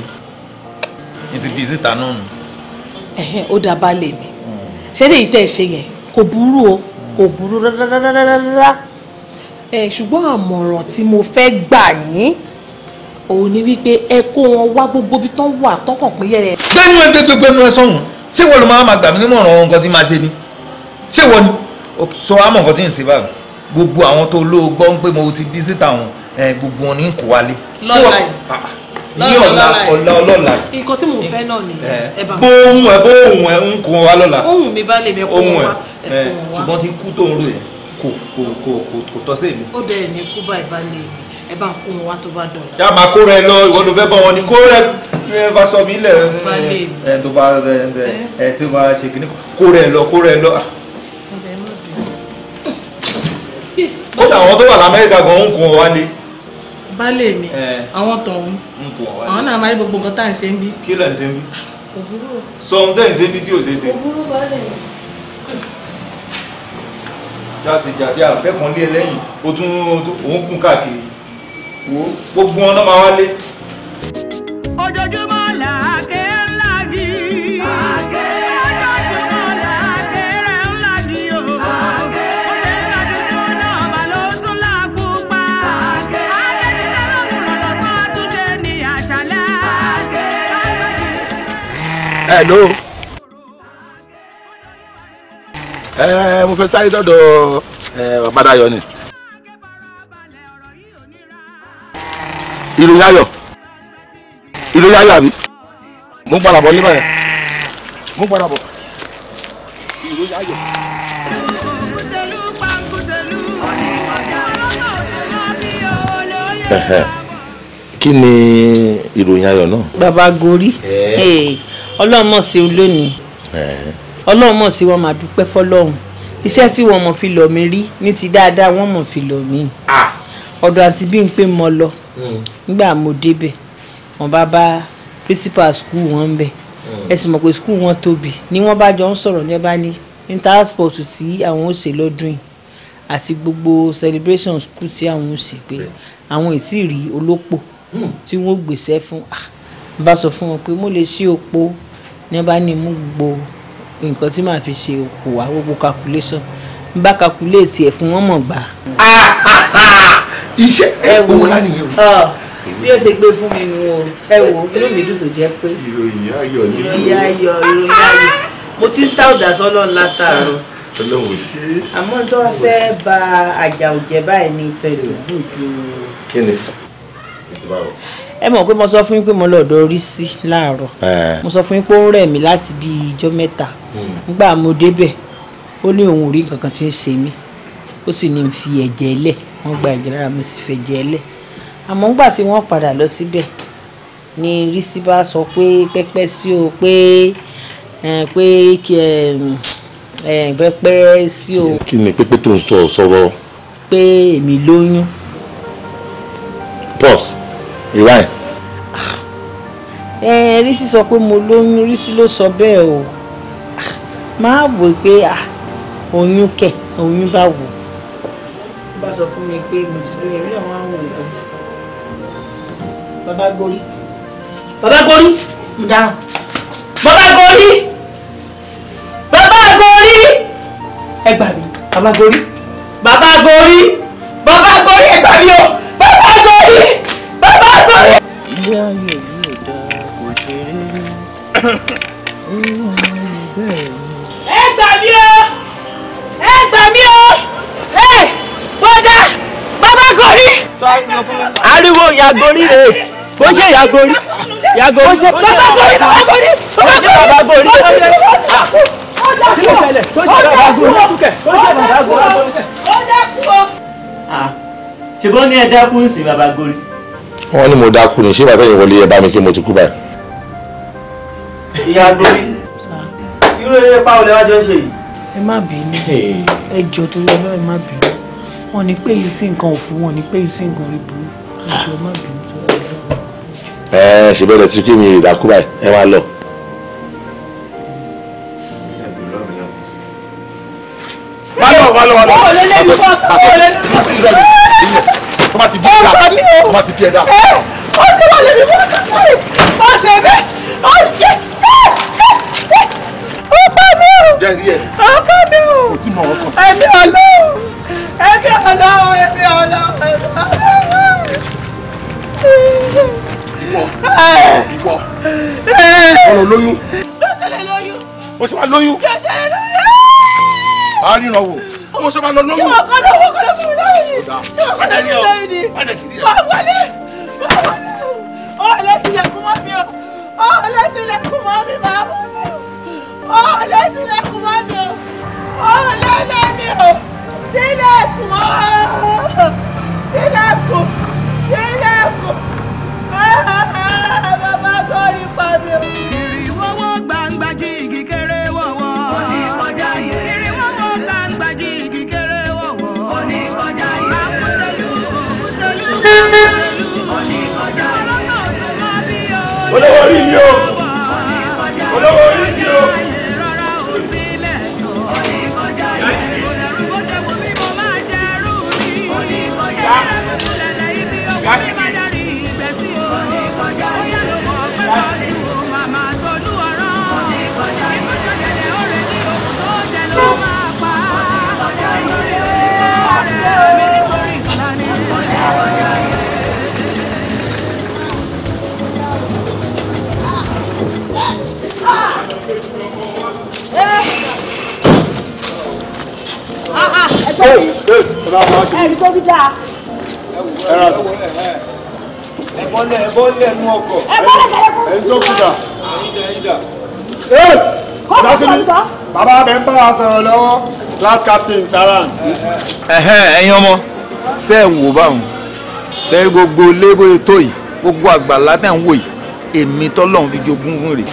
ní ti bí síta náà nù. ó dá baálé mi hmm. ṣé lè tẹ́ ẹ ṣe yẹn kò burú o kò burú rárá ṣùgbọ́n àmọ̀ràn tí mo fẹ́ gbà yín òun ni wípé ẹ kó wọn wá gbogbo ibi tán wà tọkàn pé yẹrẹ. gbẹ́nu ẹ gbẹgbẹgbẹnu ẹ sọ̀hún ṣé wọ́n ló máa ma gbà mí nímọ̀ràn ohun kan tí máa ṣe ni ṣé wọ́n ni so àmọ̀ nǹkan tí ń ṣe báyìí gbogbo àwọn tó lóo gbọ́ pé mo ti bí síta àwọn gbogbo wọn ní kò wálé. lọ́la yìí ah, ah, ní ọ̀la ọ̀la ọlọ́la. nǹkan tí mò ń fẹ́ náà ni ẹ bá wa ṣùgbọ́n tí kú tó ń rò yẹn kò tọ́ sí èmi. ó bẹ̀rẹ̀ ní kú báyìí bá lè mi ẹ bá ń kó wọn wá tó bá dọ̀la. já máa kó rẹ lọ ìwọ ló fẹ́ bọ́ wọn ni kó rẹ kí ẹ bá sọ mí lẹ̀ ẹ tó bá ẹ tó bá ṣe kíní kó rẹ lọ kó rẹ lọ. Ah. ó dà àwọn tó wà lamẹ́ríkà gan ń kun ọ̀wá lé. baálé mi àwọn tọ̀hún àwọn náà máa rí gbogbo nǹkan tá à ń ṣe ń bí. kí lẹ̀ ń ṣe ń bí. sọ ohun tẹ́ ń ṣe ń bí tí ò ṣe ṣe. jáde jáde àfẹ́kànlé ẹlẹ́yìn ó tún òun kún káàkiri wo gbogbo wọn náà máa wálé. ojoojúmọ́ làákè ńlá di. àkè. ojoojúmọ́ làákè rẹ̀ ńlá di o. àkè. ojoojúmọ́ náà mà ló tún láàbù pa. àkè. àkè lọ́lọ́ fún àtúnṣe ní àṣálẹ́. àkè. ẹ mo fẹ́ sáré dọ́dọ̀ ọ̀bádayọ ni. ìròyìn ayọ̀ ìròyìn ayọ̀ àbí mo ń padà bọ̀ níbẹ̀ yẹn mo ń padà bọ̀ ìròyìn ayọ̀. kí ni ìròyìn ayọ̀ náà. bàbá gorí ọlọ́run mọ̀ sí olónìí ọlọ́run mọ̀ sí wọn máa dúpẹ́ fọlọ́run iṣẹ́ tí wọ́n mọ̀ fi lọ̀ mí rí ní ti dáadáa wọ́n mọ̀ fi lọ̀ mí ọ̀dọ̀ àti bí n pé mo lọ. Hmm. nígbà mo débẹ̀ wọ́n bá bá principal school wọn bẹ̀ hmm. ẹ sì mọ̀ pé school wọn tóbi ni wọ́n bá jọ ń sọ̀rọ̀ ní ẹ bá ní intersport tí àwọn ó ṣe lọ́dún yìí àti gbogbo celebration school tí àwọn ó ṣe pé hmm. àwọn ì tí ì rí olópò tí wọ́n gbèsè fún ah, bá sọ fún wọn pé mo lè ṣe òpó ní ẹ bá ní mú gbogbo nǹkan tí màá fi ṣe òkò wá gbogbo calculation n bá calculate ẹ̀ fún wọn mọ̀ gbà. iṣẹ́ ẹ wò lá nìyẹn o. Ah, bí o ṣe gbé fún mi nu o ẹ wò inú mi dùn tó jẹ́ pé. ìròyìn ayọ̀ ni ìròyìn ayọ̀ ìròyìn ayọ̀ mo ti ń ta ọ̀dà sọ́lọ́ ńlá ọlọ́run ṣe é. àmọ́ tó wá fẹ́ ba àjà òjẹ́ báyìí ní ìtọ́ ìdìbò ju. kí ni ẹ mọ̀ pé mo sọ fún yín pé mo lọ ọ̀dọ̀ orí sí láàárọ̀ eh. mo sọ fún yín pé ó ń rẹ̀ mí láti bí ijọ́ mẹ́ta hmm. nígbà mo débẹ̀ ó ní òun ò rí nǹkan kan tí ń ṣe mí ó sì ní fi ẹ̀jẹ̀ lẹ̀ wọ́n gba ẹ̀jẹ̀ lára mo sì fẹ̀jẹ̀ ẹlẹ̀ àmọ́ ńgbà tí wọ́n padà lọ síbẹ̀ ni rìsíbà sọ pé pẹ́pẹ́ sí o pé pé kí pẹ́pẹ́ sí o. kí ni pépé tó ń sọ sọ̀rọ̀. pé èmi lóyún. pause rewind. rísí sọ pé mo lóyún rísí ló sọ bẹ́ẹ̀ o ah, máa wò pé ah, oyún kẹ̀ oyún bá wò ó bá sọ fún mi pé mo ti lóyún èmi náà máa ń wò ó lọ. bàbá gorí bàbá gorí ń dáhùn Baba gorí bàbá gorí ẹ gbà mí bàbá gorí bàbá gorí bàbá gorí ẹ gbà mí o bàbá gorí bàbá gorí. ilé ayé yìí ò dáa kò ṣeré. ẹ gbà mí o. gorí ariwo yagori rè kò ṣe yagori yagori kò ṣe bàbá gorí bàbá gorí kò ṣe bàbá gorí ah. kí ló ṣẹlẹ̀ kò ṣe bàbá gorí se ṣe bàbá gorí. ṣùgbọ́n ah. ní ẹ dákú ń sìn bàbá gorí. wọ́n ní mo dákú ni ṣé bàtà yẹn wọlé ẹ bá mi kí mo ti kú báyìí. ìyá gorí irú eré pa olè wájú ṣe yìí. ẹ má bínú ẹ jọ torí ọlọ́ọ̀ ẹ má bínú wọn ní pé yìí sí nǹkan òfin wọn ní pé yìí sí nǹkan ríbu ìjọ má bínú tó ọjọ́. ẹ ṣe bẹ́ẹ̀ tí kí mi ìdákú ẹ máa lọ. wà mi ò ó mi ò ẹ̀mí ọlọ́run ẹbí ọ̀nà ẹbí ọ̀nà ìwọ Oh. ọ̀nà lóyún. lọ́sẹ̀lẹ̀ lóyún. o ṣe máa lóyún. lọ́sẹ̀lẹ̀ lóyún. a rí ìrànwọ́ o ṣe máa lọ lóyún. ìwọ kọ́ lọ́wọ́ kọ́ lọ́wọ́ mi lọ́wọ́ ni. ìwọ kọ́ lọ́wọ́ mi lọ́wọ́ ni. wà á wọlé wà á wọlé. ó lẹ́tìlẹ̀kùn mọ́ mi o ó lẹ́tìlẹ̀kùn mọ́ mi máa mú mi ó lẹ́tìlẹ̀kùn mọ́ sílẹ̀kùn ọ́ sílẹ̀kùn sílẹ̀kùn ah, bàbá gòrí pa mi. ìrìwọ́wọ́ gbangba jí igi kéré wọ̀wọ́. ó ní kọjá yẹ. ìrìwọ́wọ́ gbangba jí igi kéré wọ̀wọ́. ó ní kọjá yẹ. àpòtẹ́lú òkútẹ́lú òkútẹ́lú. ó ní kọjá yẹ. olówó rí mi o. ẹ̀rí tó fi dáa. ẹ̀bọ́lẹ̀ ẹ̀bọ́lẹ̀ nú ọkọ̀. ẹ̀bọ́lẹ̀ kẹlẹ́ kú. ẹ̀rí tó fi dáa. kọ́kọ́ bàbá mi ń bá a sọ̀rọ̀ lọ́wọ́ last captain saran. ẹ̀yin ọmọ ṣe é wò báwọn ṣe é gbogbo lébó ètò yìí gbogbo àgbàlá tẹ̀ ń wò yìí èmi tọ́lọ́run fi jogún fún rè.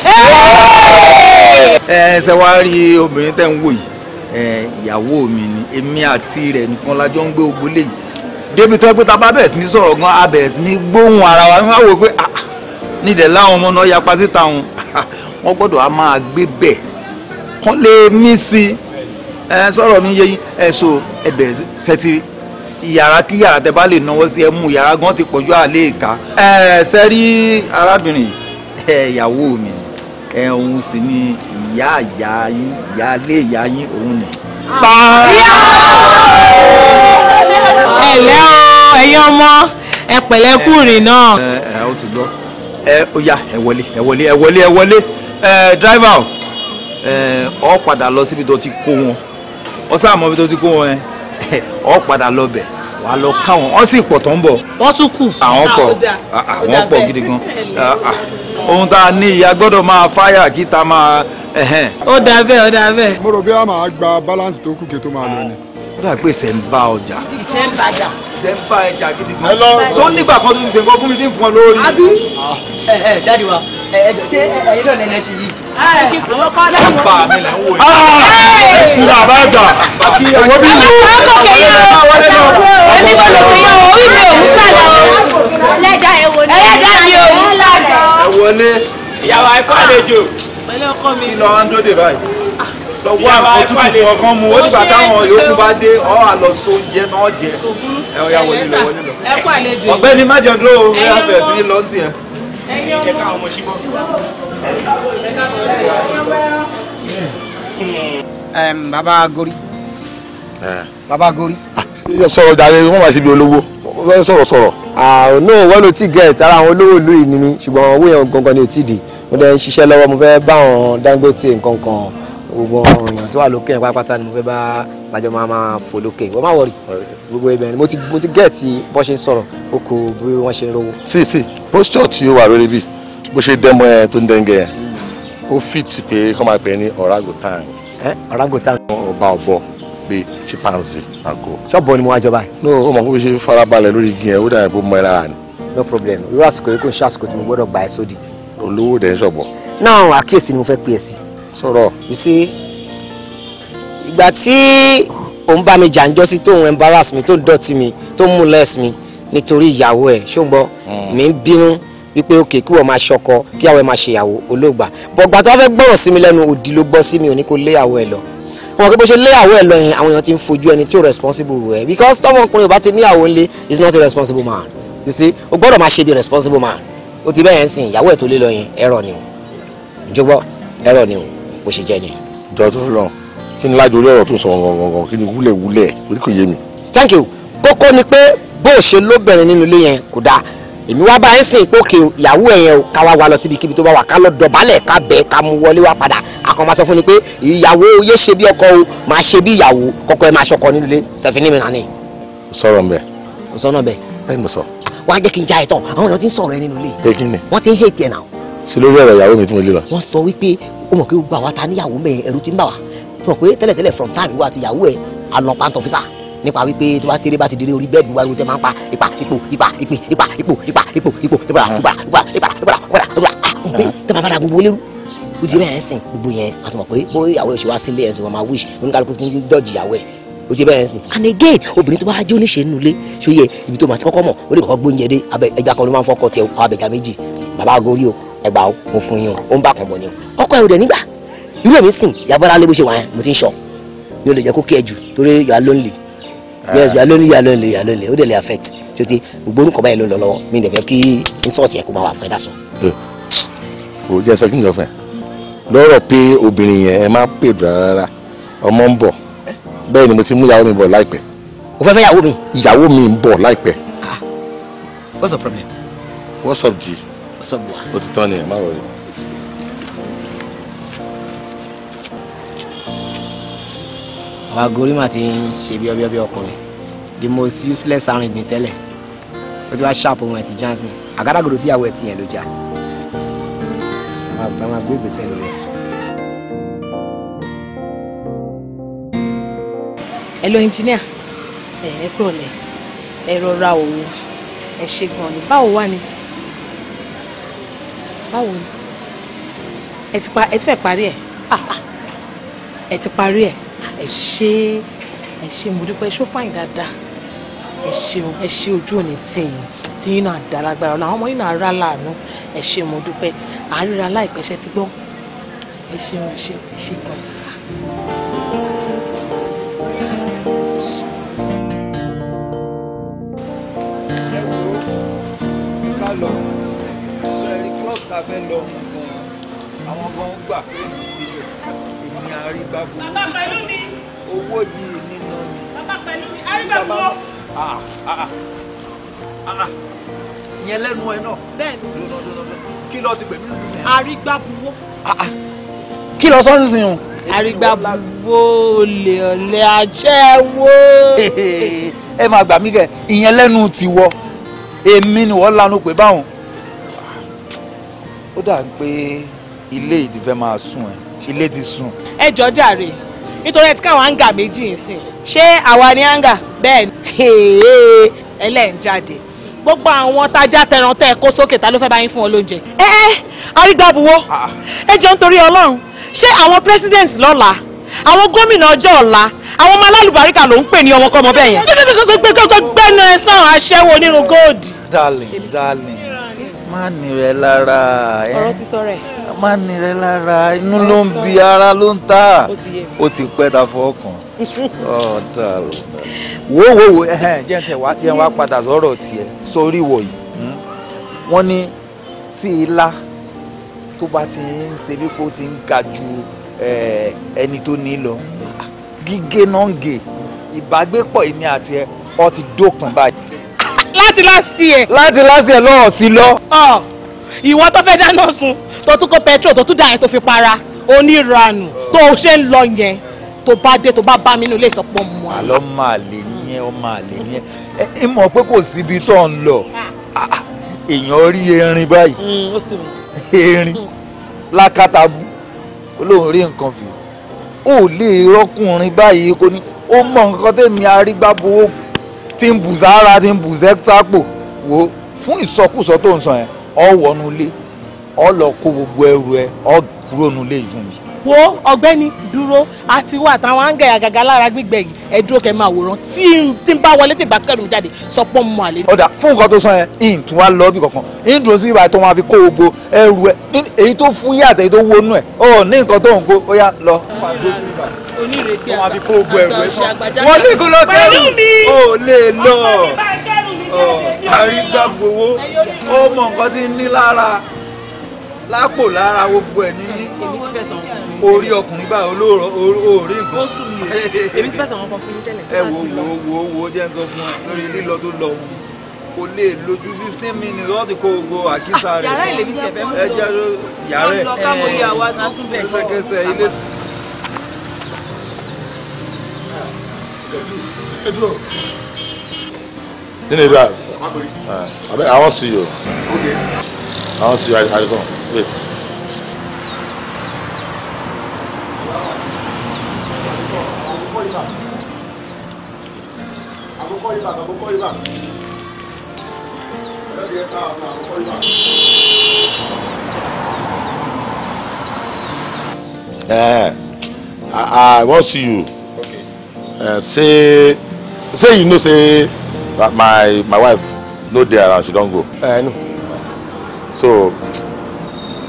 ẹ ẹ ṣe wá rí obìnrin tẹ̀ ń wò yìí ìyàwó mi ni èmi àti rẹ̀ nìkan lájọ ń gbé ogbó léyìí débi tó pé ta bá bẹ̀rẹ̀ sí ní sọ̀rọ̀ gan a sí ní gbóhùn ara wa wọ́n wò pé ah, ah, nídẹ̀ láwọn ọmọ náà yapa síta wọn ah, wọ́n gbọ́dọ̀ a máa gbé bẹ̀ kán lè mí sí ẹ sọ̀rọ̀ mi yẹ ẹ so ẹ bẹ̀rẹ̀ sẹ́tìrì yàrá kí yàrá tẹ bá lè náwó sí ẹ mú yàrá gan ti pọ̀jù àlè ẹ sẹ́rí arábìnrin ẹ ìyàwó mi ẹ̀hún sì ni ìyá ìyá yín ìyá ilé ìyá yín òun ni. ẹ̀lẹ́ o ẹ̀yin ọmọ ẹ pẹ̀lẹ́ kùnrin náà. ẹ ẹ ó ti gbọ́ ẹ ó yá ẹ wọlé ẹ wọlé ẹ wọlé ẹ wọlé ẹ dráìvà ọ padà lọ síbi tó ti kó wọn ọ sáà mọ ibi tó ti kó wọn ẹ ọ padà lọ bẹ̀ wàá lọ ká wọn wọn sì pọ̀ tó ń bọ̀. wọ́n tún kù. àwọn pọ̀ àwọn pọ̀ gidi gan ohun tá a ní ìyá gbọ́dọ̀ máa fáyà kí ta máa. ó dà bẹ́ẹ̀ ó dà bẹ́ẹ̀. mo rò bí a máa gba balance tó kù kí tó máa lọ ni. ó dà pé ìṣẹ̀ ń bá ọjà. ìṣẹ̀ ń bá ọjà. ìṣẹ̀ ń bá ẹja gidi gan. ẹ lọ sọ nígbà kan tó ti ṣe nǹkan fún mi tí ń fún ọ lórí. àbí ẹ ẹ dáàdi wa ẹ ẹ ṣé ẹyin náà lẹ lẹ ṣe yìí sira a b'a da wo bi fún ọkàn mu ó dìgbà táwọn yòókù bá dé ọ́ àlọ́sọ oúnjẹ náà jẹ ẹ ọ̀yà wọlé lọ wọlé lọ. ọ̀gbẹ́ni májẹ̀dúró ẹ̀ bẹ̀rẹ̀ sí ní lọ́ọ̀tì ẹ̀. ẹ̀yin ọmọ ẹ̀ka ọmọ ṣíbọ̀ baba gori. Eh. baba gori. sọ̀rọ̀ jàre wọ́n máa ṣe bí olówó wọ́n sọ̀rọ̀ sọ̀rọ̀. àwọn ah, náà wọ́n ló ti get ara àwọn olówó ìlú yìí ni mi ṣùgbọ́n owó yẹn gangan ni ò tí ì dì mo dẹ̀ ń ṣiṣẹ́ lọ́wọ́ mo fẹ́ bá àwọn Dangote nǹkan kan gbogbo àwọn èèyàn tó wà lókè yẹn pátápátá ni mo fẹ́ bá lájọ máa máa fò lókè wọ́n má wọ̀rì gbogbo ibẹ̀ ni mo ti get bó ṣe ń sọ̀rọ̀ o kò bí wọ́n ṣe ń rówó. sí sí posture tí ó wà lórí bí bó ṣe dẹ́mọ ẹ tó ń dẹ́ngẹ yẹn ó fit pé kọ́ máa pè ní orangutan. ẹ orangutan. ọba ọ̀bọ pé chimpanzee àgọ. ṣọ́ọ̀bù ni mo wá jọba. no ó mọ̀ kó ṣe farabalẹ̀ lórí igi yẹn ó dàbí bó mọ ẹ lára ni. no problem irú àsìkò yìí kò ń ṣe àsìkò tí mo gbọ́dọ̀ gba ẹ sódì. olówó dẹ̀ ń ṣọ̀bọ̀. náà àkíyèsí ni mo fẹ́ pè é sí. sọ̀rọ̀. ìṣe ìgbà tí òun bá mi jà ń jọ́sí tó ń embarrass mi tó ń dọ̀tí mi tó ń múlẹ̀ẹ́sì mi nítorí ìyàwó ẹ̀ ṣùgbọ́n hmm. mi ń bínú wípé òkè kí wọ́n máa ṣọkọ kí àwọn ẹ̀ máa ṣèyàwó olóògbà bọ̀gbà tó fẹ́ gbọ́rọ̀ sí mi lẹ́nu òdì ló gbọ́ sí mi ò ní kó léyàwó ẹ̀ lọ wọn kí bó ṣe léyàwó ẹ̀ lọ yẹn àwọn èèyàn ti ń fojú ẹni tí ò responsible ẹ̀ because tọ́mọkùnrin ò bá ti níyàwó ńlé is not a responsible man you see o gbọ́dọ̀ máa ṣe bí responsible man o ti bẹ́ẹ̀ ń sìn ìyàwó ẹ̀ tó lé lọ yẹn ẹ̀rọ ni o jọ̀gbọ́ ẹ̀rọ ni o bó ṣe jẹ́ ni. dọ́tún lọ kí ni lájọ orí ọ̀rọ̀ tó sọ gangan kí thank you kókó ni pé bó ṣe lóbìnrin nínú ilé yẹn kò dáa èmi wá bá ń sìn ìpókè ìyàwó ẹ̀ yẹn ká wá wa lọ síbikíbi tó bá wà ká lọ dọ̀bálẹ̀ ká bẹ̀ ká mú wọlé wá padà akọ máa sọ fún ni pé ìyàwó yé ṣe bí ọkọ o máa ṣe bí ìyàwó kọkọ ẹ máa ṣọkọ nínú ilé sẹfìn ní mi nàní. sọ̀rọ̀ mbẹ. kò sọ̀rọ̀ mbẹ. bẹ́ẹ̀ mo sọ. wá jẹ́ kí n já ẹ̀ tán àwọn èèyàn ti ń sọ̀rọ̀ ẹ nínú ilé. pé kí ni. wọ́n ti ń hate ẹ̀ náà. ṣe lórí ọ̀rọ̀ ìyàwó mi tí mo lè lọ. wọ́n sọ wípé ó mọ̀ pé gbogbo àwa ta níyàwó mẹ́ ẹ̀rù ti ń bà wá. mọ̀ pé tẹ́lẹ̀tẹ́lẹ̀ from time ìwà àti ìyàwó ẹ̀ àlọ́ pàǹtọ́físà nípa wípé tó bá tẹ́lẹ̀ bá ti dèrè orí bẹ́ẹ̀dì wíwá lóòótọ́ máa ń pa ipa ipò ipa ipò ipa ipò ipa ipò ipò ìbára ìbára ìbára ìbára ìbára ìbára ìbára ìbára tẹ́lẹ̀ bára gbogbo lérú o ti bẹ́ẹ̀ sìn gbogbo yẹn a ti mọ̀ pé bóyá ìyàwó ẹ̀ ṣe wá sílé ẹ̀ sì wọ́n máa wíṣ oníkálukú ti ń dọ̀jì ìyàwó ẹ̀ o ti bẹ́ẹ̀ sìn. and again obìnrin tó bá jẹ́ oníṣe nínú ilé ṣó yẹ ibi tó máa ti kọ́kọ́ mọ̀ ó lè kọ́kọ́ gbóúnjẹ dé ẹja kan ló máa ń fọ́kọ́ tiẹ̀ àwọn abẹ̀já méjì bàbá agorí o ẹgbàá o mo fún yín o ó ń bà kàn bọ̀ ni o ọkọ ẹ̀ ò dẹ̀ nígbà irú èmi sìn yàgbọ́ra lé bó ṣe wà yẹn mo ti ń sọ mi lè jẹ́ kó kí ẹ jù torí you are yes yà lónìí yà lónìí yà lónìí ó dẹ̀ lè affect tí o ti gbogbo orúkọ báyìí ló lọ lọ́wọ́ mi dẹ̀ fẹ́ kí insult yẹ kó bá wà fún ẹ dasọ. kò jẹ́ sọ kí n jọ fún ẹ lọ́rọ̀ pé obìnrin yẹn ẹ má pè dùn rárá ọmọ ń bọ̀ bẹ́ẹ̀ ni mo ti mú ìyàwó mi bọ̀ láìpẹ́. o fẹ́ fẹ́ ìyàwó mi. ìyàwó mi ń bọ̀ láìpẹ́. Ah. what's the problem. what's up G. what's up bua. o ti tán ni ẹ má rọrùn. bàbá gorima ti ń ṣe bí ọbẹ̀ ọbẹ̀ ọkùnrin the most useless arrangement ní tẹ́lẹ̀ ó ti wá ṣàpò wọn ti jansen àgádágodo tíyàwó ẹ̀ ti yẹn ló jà bàbá máa gbé ìgbésẹ̀ lórí ẹ̀. hello engineer ẹ ẹ kúrò lẹ ẹ rọra òwò ẹ ṣe gan ni báwo wà ni báwo ni ẹ ti fẹ́ parí ẹ̀ ah, ah. ẹ ti parí ẹ̀ ẹ ṣe ẹ ṣe mo dúpẹ́ ṣó fáìn dáadáa ẹ ṣeun ẹ ṣe ojú òní tì yín tí yín náà dá lágbára ọ̀la àwọn ọmọ yín náà rà láàánú ẹ ṣe mo dúpẹ́ àárírà láìpẹ́ ṣe ti gbọ́ ẹ ṣeun ẹ ṣe ẹ ṣe gan. àwọn ọmọ ń gbà pé arígbábù. bàbá pẹ̀lú mi. owó yìí nínú mi. bàbá pẹ̀lú mi arígbábù o. Ah, ah, ah, ìyẹn lẹ́nu ẹ náà. bẹ́ẹ̀ni. kí ló ti pè mí sísìn. arígbábuwó. kí ló sọ sísìn o. arígbábuwó olè olè aṣẹ́wó. ẹ máa gbà mí kẹ ìyẹn lẹ́nu tiwọ èmi ni wọ́n lanu pé báwọn ó dà pé ilé ìdìfẹ́ máa sùn ẹ ilé ti sùn ẹ jọ jàre nítorí ẹ ti káwọn áńgà méjì yìí sìn. ṣé àwa ni áńgà. bẹ́ẹ̀ ni ẹlẹ́ǹjáde gbogbo àwọn tájá tẹran tẹ kó sókè ta ló fẹ́ bá yín fún ọ lóúnjẹ. ẹ ẹ arígbàbuwọ ah, ah. ẹ jẹun torí Ọlọ́run ṣé àwọn president lọ́la àwọn gómìnà ọjọ́ ọ̀la àwọn ọmọ alálùbáríkà ló ń pè ní ọmọkọ́mọ bẹ́ẹ̀ yẹn. gbẹnu ẹ sàn aṣẹ́wó onírun góòdì. darling darling má nira ẹ lára má nira lára inú ló ń bi ara ló ń ta ó ti pẹ́ ta fọ́ ọkàn ọ̀dà ọ̀dà wo wo wo jẹ́ ń tẹ̀ wá tiẹ̀ wá padà sọ̀rọ̀ tiẹ̀ sórí wọ̀nyí hmm? wọ́n ní tí ilá tó bá ti ń ṣe bí kò ti ń ga ju ẹni tó ní lọ gígé náà ń gè ìbágbépọ̀ èmi àti ẹ ọ ti dópin báyìí. láti last year. láti last year lọ́ọ̀ sí lọ. ìwọ tó fẹ́ dáná sun tó tún kó petrol tó tún dà yẹn tó fi para oníranù tó o ṣe ń lọ yẹn tó bá dé tó bá bá mi nínú ilé ìsọpọ̀ mọ́. àlọ́ máa lè ní ẹ ọ máa lè ní ẹ ẹ mọ̀ pé kò síbi tó ń lọ ah. Ah, ah, èèyàn rí erin báyìí mm, erin lákàtàbù olóhùn rí nǹkan fìlà ó lè rọ́kùnrin báyìí kò ní ó mọ nǹkan tẹ̀mí arígbábowó tí ń bù sára tí ń bù sẹ́tàpò wò fún ìsọkúsọ tó ń sọ yẹn ọ̀wọ́nulé ọ lọ kó gbogbo ẹrù ẹ ọ kúrò nù lé ìfún mi. wo ọ̀gbẹ́ni dúró àti wà táwọn áńgẹ àgàgà lára gbígbẹ yìí ẹ dúró kẹ máa wòran tí tí ń bá wọlé tí ìgbàkẹ́rù mi jáde sọ pé mo àlè. ọ̀dà fún nǹkan tó sàn yẹn ìyìn tún wá lọ bí kankan ìyìn dúró sí ibà tó máa fi kó gbogbo ẹrù ẹ èyí tó fún yíyà àtẹ̀yí tó wọnú ẹ̀ ọ̀ ní nǹkan tó ń kó ó yá lọ. onírèké àgbàjá wọ́n ní kó lọ kẹ́rù ó lè lápò lára gbogbo ẹ̀ níní orí ọkùnrin bá olóòrò orí nǹkan. ó sùn mí o èmi ti fẹsẹ̀ wọn kan fún tẹ́lẹ̀. ẹ wo wo wo wo jẹ́ ń sọ fún ẹ lórí lílọ tó lọ wọn kò lè lójú fifteen minutes wọ́n ti kó gbogbo àkísà rẹ̀. yàrá ìlèmí ti ẹ̀fẹ̀ mú un. ẹ jẹ́ yàrá ẹ̀ lọ́kàmọ́yàwó ilé. nínú ìlú àbẹ àwọn sí yòó. I want to see you at the come. Wait. Eh, I, I want to see you. Okay. Uh, say, say you know, say my my wife no there and she don't go. Uh, know so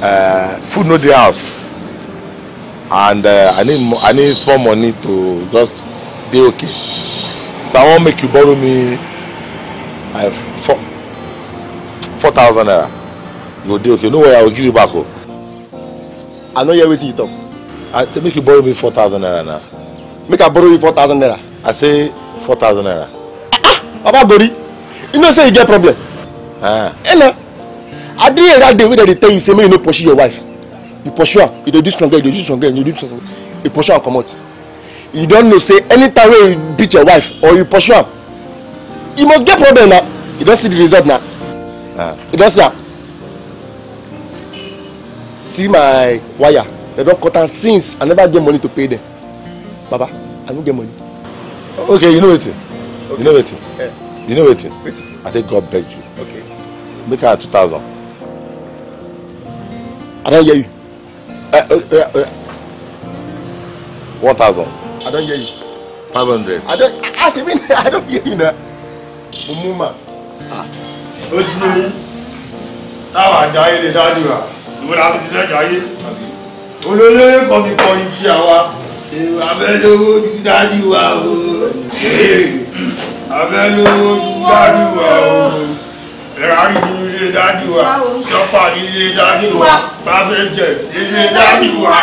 uh, food no dey house and uh, i need i need small money to just dey okay so i wan make you borrow me uh, four four thousand naira you go dey okay no worry i go give you back o. Oh. i no hear wetin you talk. i say make you borrow me four thousand naira now. make i borrow you four thousand naira. i say four thousand naira. ah ah baba gori you know say you get problem. ah. Eh, no at the end that day wey dem tell you say man, you no pursue your wife you pursue her, you dey do strong girl you dey do strong girl you dey do strong girl you pursue come out. you don't know say anytime wey you beat your wife or you pursue her, you must get problem now. you don't see the result now. uh. Ah. you don't see am see my wire They don't cut am since i never get money to pay them, baba i don't get money. okay you know wetin okay. Eh. you know wetin yeah. you know wetin i think god begged you okay. make am two thousand I don't hear you. Uh uh, uh, uh, uh, One thousand. I don't hear you. Five hundred. I don't. I, I mean, I don't hear you now. Umuma. Ah. Oṣù táwa jayé lè dájú wa. Ìwé la fi ti lẹ́ jayé. Olólórí kan fi kọrin kí àwa. Abẹ́lówó dájú wa o. Abẹ́lówó dájú wa o. Ẹ̀rọ àrídìí nílé dádì wa ṣọ́pà nílé dádì wa bábẹ́jẹ̀ nílé dádì wa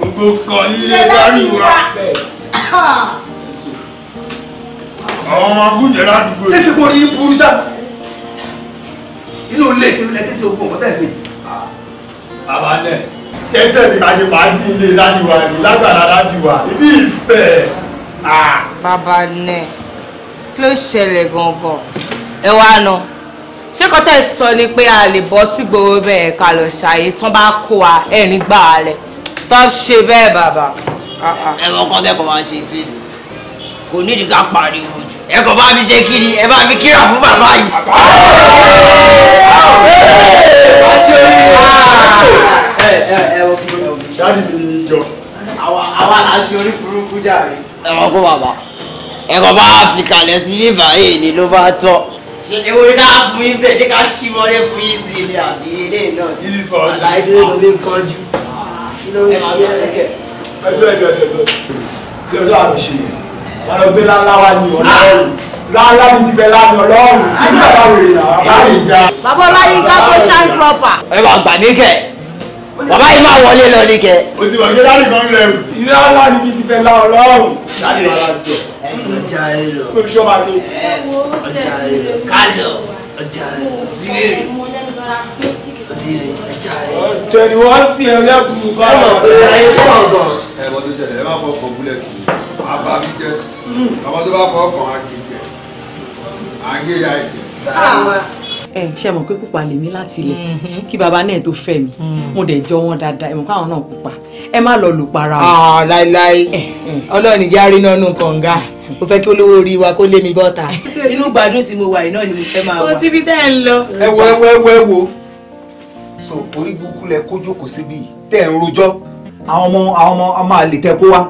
gbogbo kan nílé dádì wa. àwọn ọmọ akúnjẹ ládùúgbò. ṣé sèpò ní burú sá inú ilé ìtẹ̀wé lẹ́tí ṣe ogun ọ̀pọ̀tẹ́ ṣe. bàbá lẹ ṣe ń sẹ́ni ká ṣe pàdé ilé dádì wa ìlú lágbàlá dádì wa ibi ìfẹ́. bàbá lẹ kí ló ṣẹlẹ̀ gangan ẹ wá náà ṣé kọ́tẹ́ sọ ni pé a lè bọ́ sígboro bẹ́ẹ̀ ká lọ ṣàyè tán bá kó wa ẹ̀ nígbà alẹ̀ stop ṣe bẹ́ẹ̀ bàbá. ẹ̀wọ̀n kan tẹ́kọ̀ọ́ máa ṣe fíìmù kò nídìí ká pariwo jù ẹ kò bá mi ṣe kiri ẹ bá mi kíra fún bàbá yìí. wọ́n ṣe orí rẹ̀. Ah. ẹ ẹ ẹ dáàdì mi ni mi jọ. àwa là ń ṣe orí burúkú jàre. ẹ̀wọ̀n kó bàbá ẹ̀kọ́ bá fi kalẹ̀ sí bíbá yìí ni ló bá tọ́ this is for you Don't tó fi ń kánjú kí I don't know. ẹ̀kẹ́. ẹjọ́ ẹjọ́ ẹjọ́ kí ọjọ́ àrùn ṣe wọn mi ti fẹ́ láàrin ọlọ́run nígbà táwọn èèyàn bá lè já. bàbá ọláyínká tó ṣáì pọpà. ẹ bá gbà níkẹ́ bàbá yìí máa wọlé lọ ní kẹ. o ti wà láti kan lẹ́rù. ìrẹ́ àlá ni kì í fẹ́ láwọn lọ́rùn. láti rẹ̀ ọjà ẹ lọ. o ṣọ́ máa ní. ọjà ẹ lọ kájọ ọjà ẹ lọ fílẹ̀rì tẹ̀lé wọ́n ti ẹ̀ lẹ́kùn kan. ẹ mọ̀ pé ayé tó ṣẹlẹ̀ ẹ má fọ ọkọ̀ búlẹ̀tì àbá mi jẹ́ hmm. ọmọ tó bá fọ ọkọ̀ àgé jẹ́ àgé Eh, ẹ ṣe mọ̀ pé pupa lèmi láti ilẹ̀ mm-hmm. kí baba náà tó fẹ́ mi mm. mo dẹ̀ jọ wọn dáadáa ẹ mọ̀ káwọn náà pupa ẹ má lọ lù para o. láéláé ọlọ́ọ̀ni jẹ́ àrínà nù kànga mo fẹ́ kí olówó orí wa kó lé mi bọ́ta inú gbádùn tí mo wà yìí náà ni mo fẹ́ máa wà. kò síbi tẹ́ ẹ ń lọ. ẹ wo ẹ wo ẹ wo ẹ wo. so orí burúkú lẹ kó jókòó síbi tẹ ẹ ń rojọ́ àwọn ọmọ àwọn ọmọ ọmọ àlè tẹ kó wa.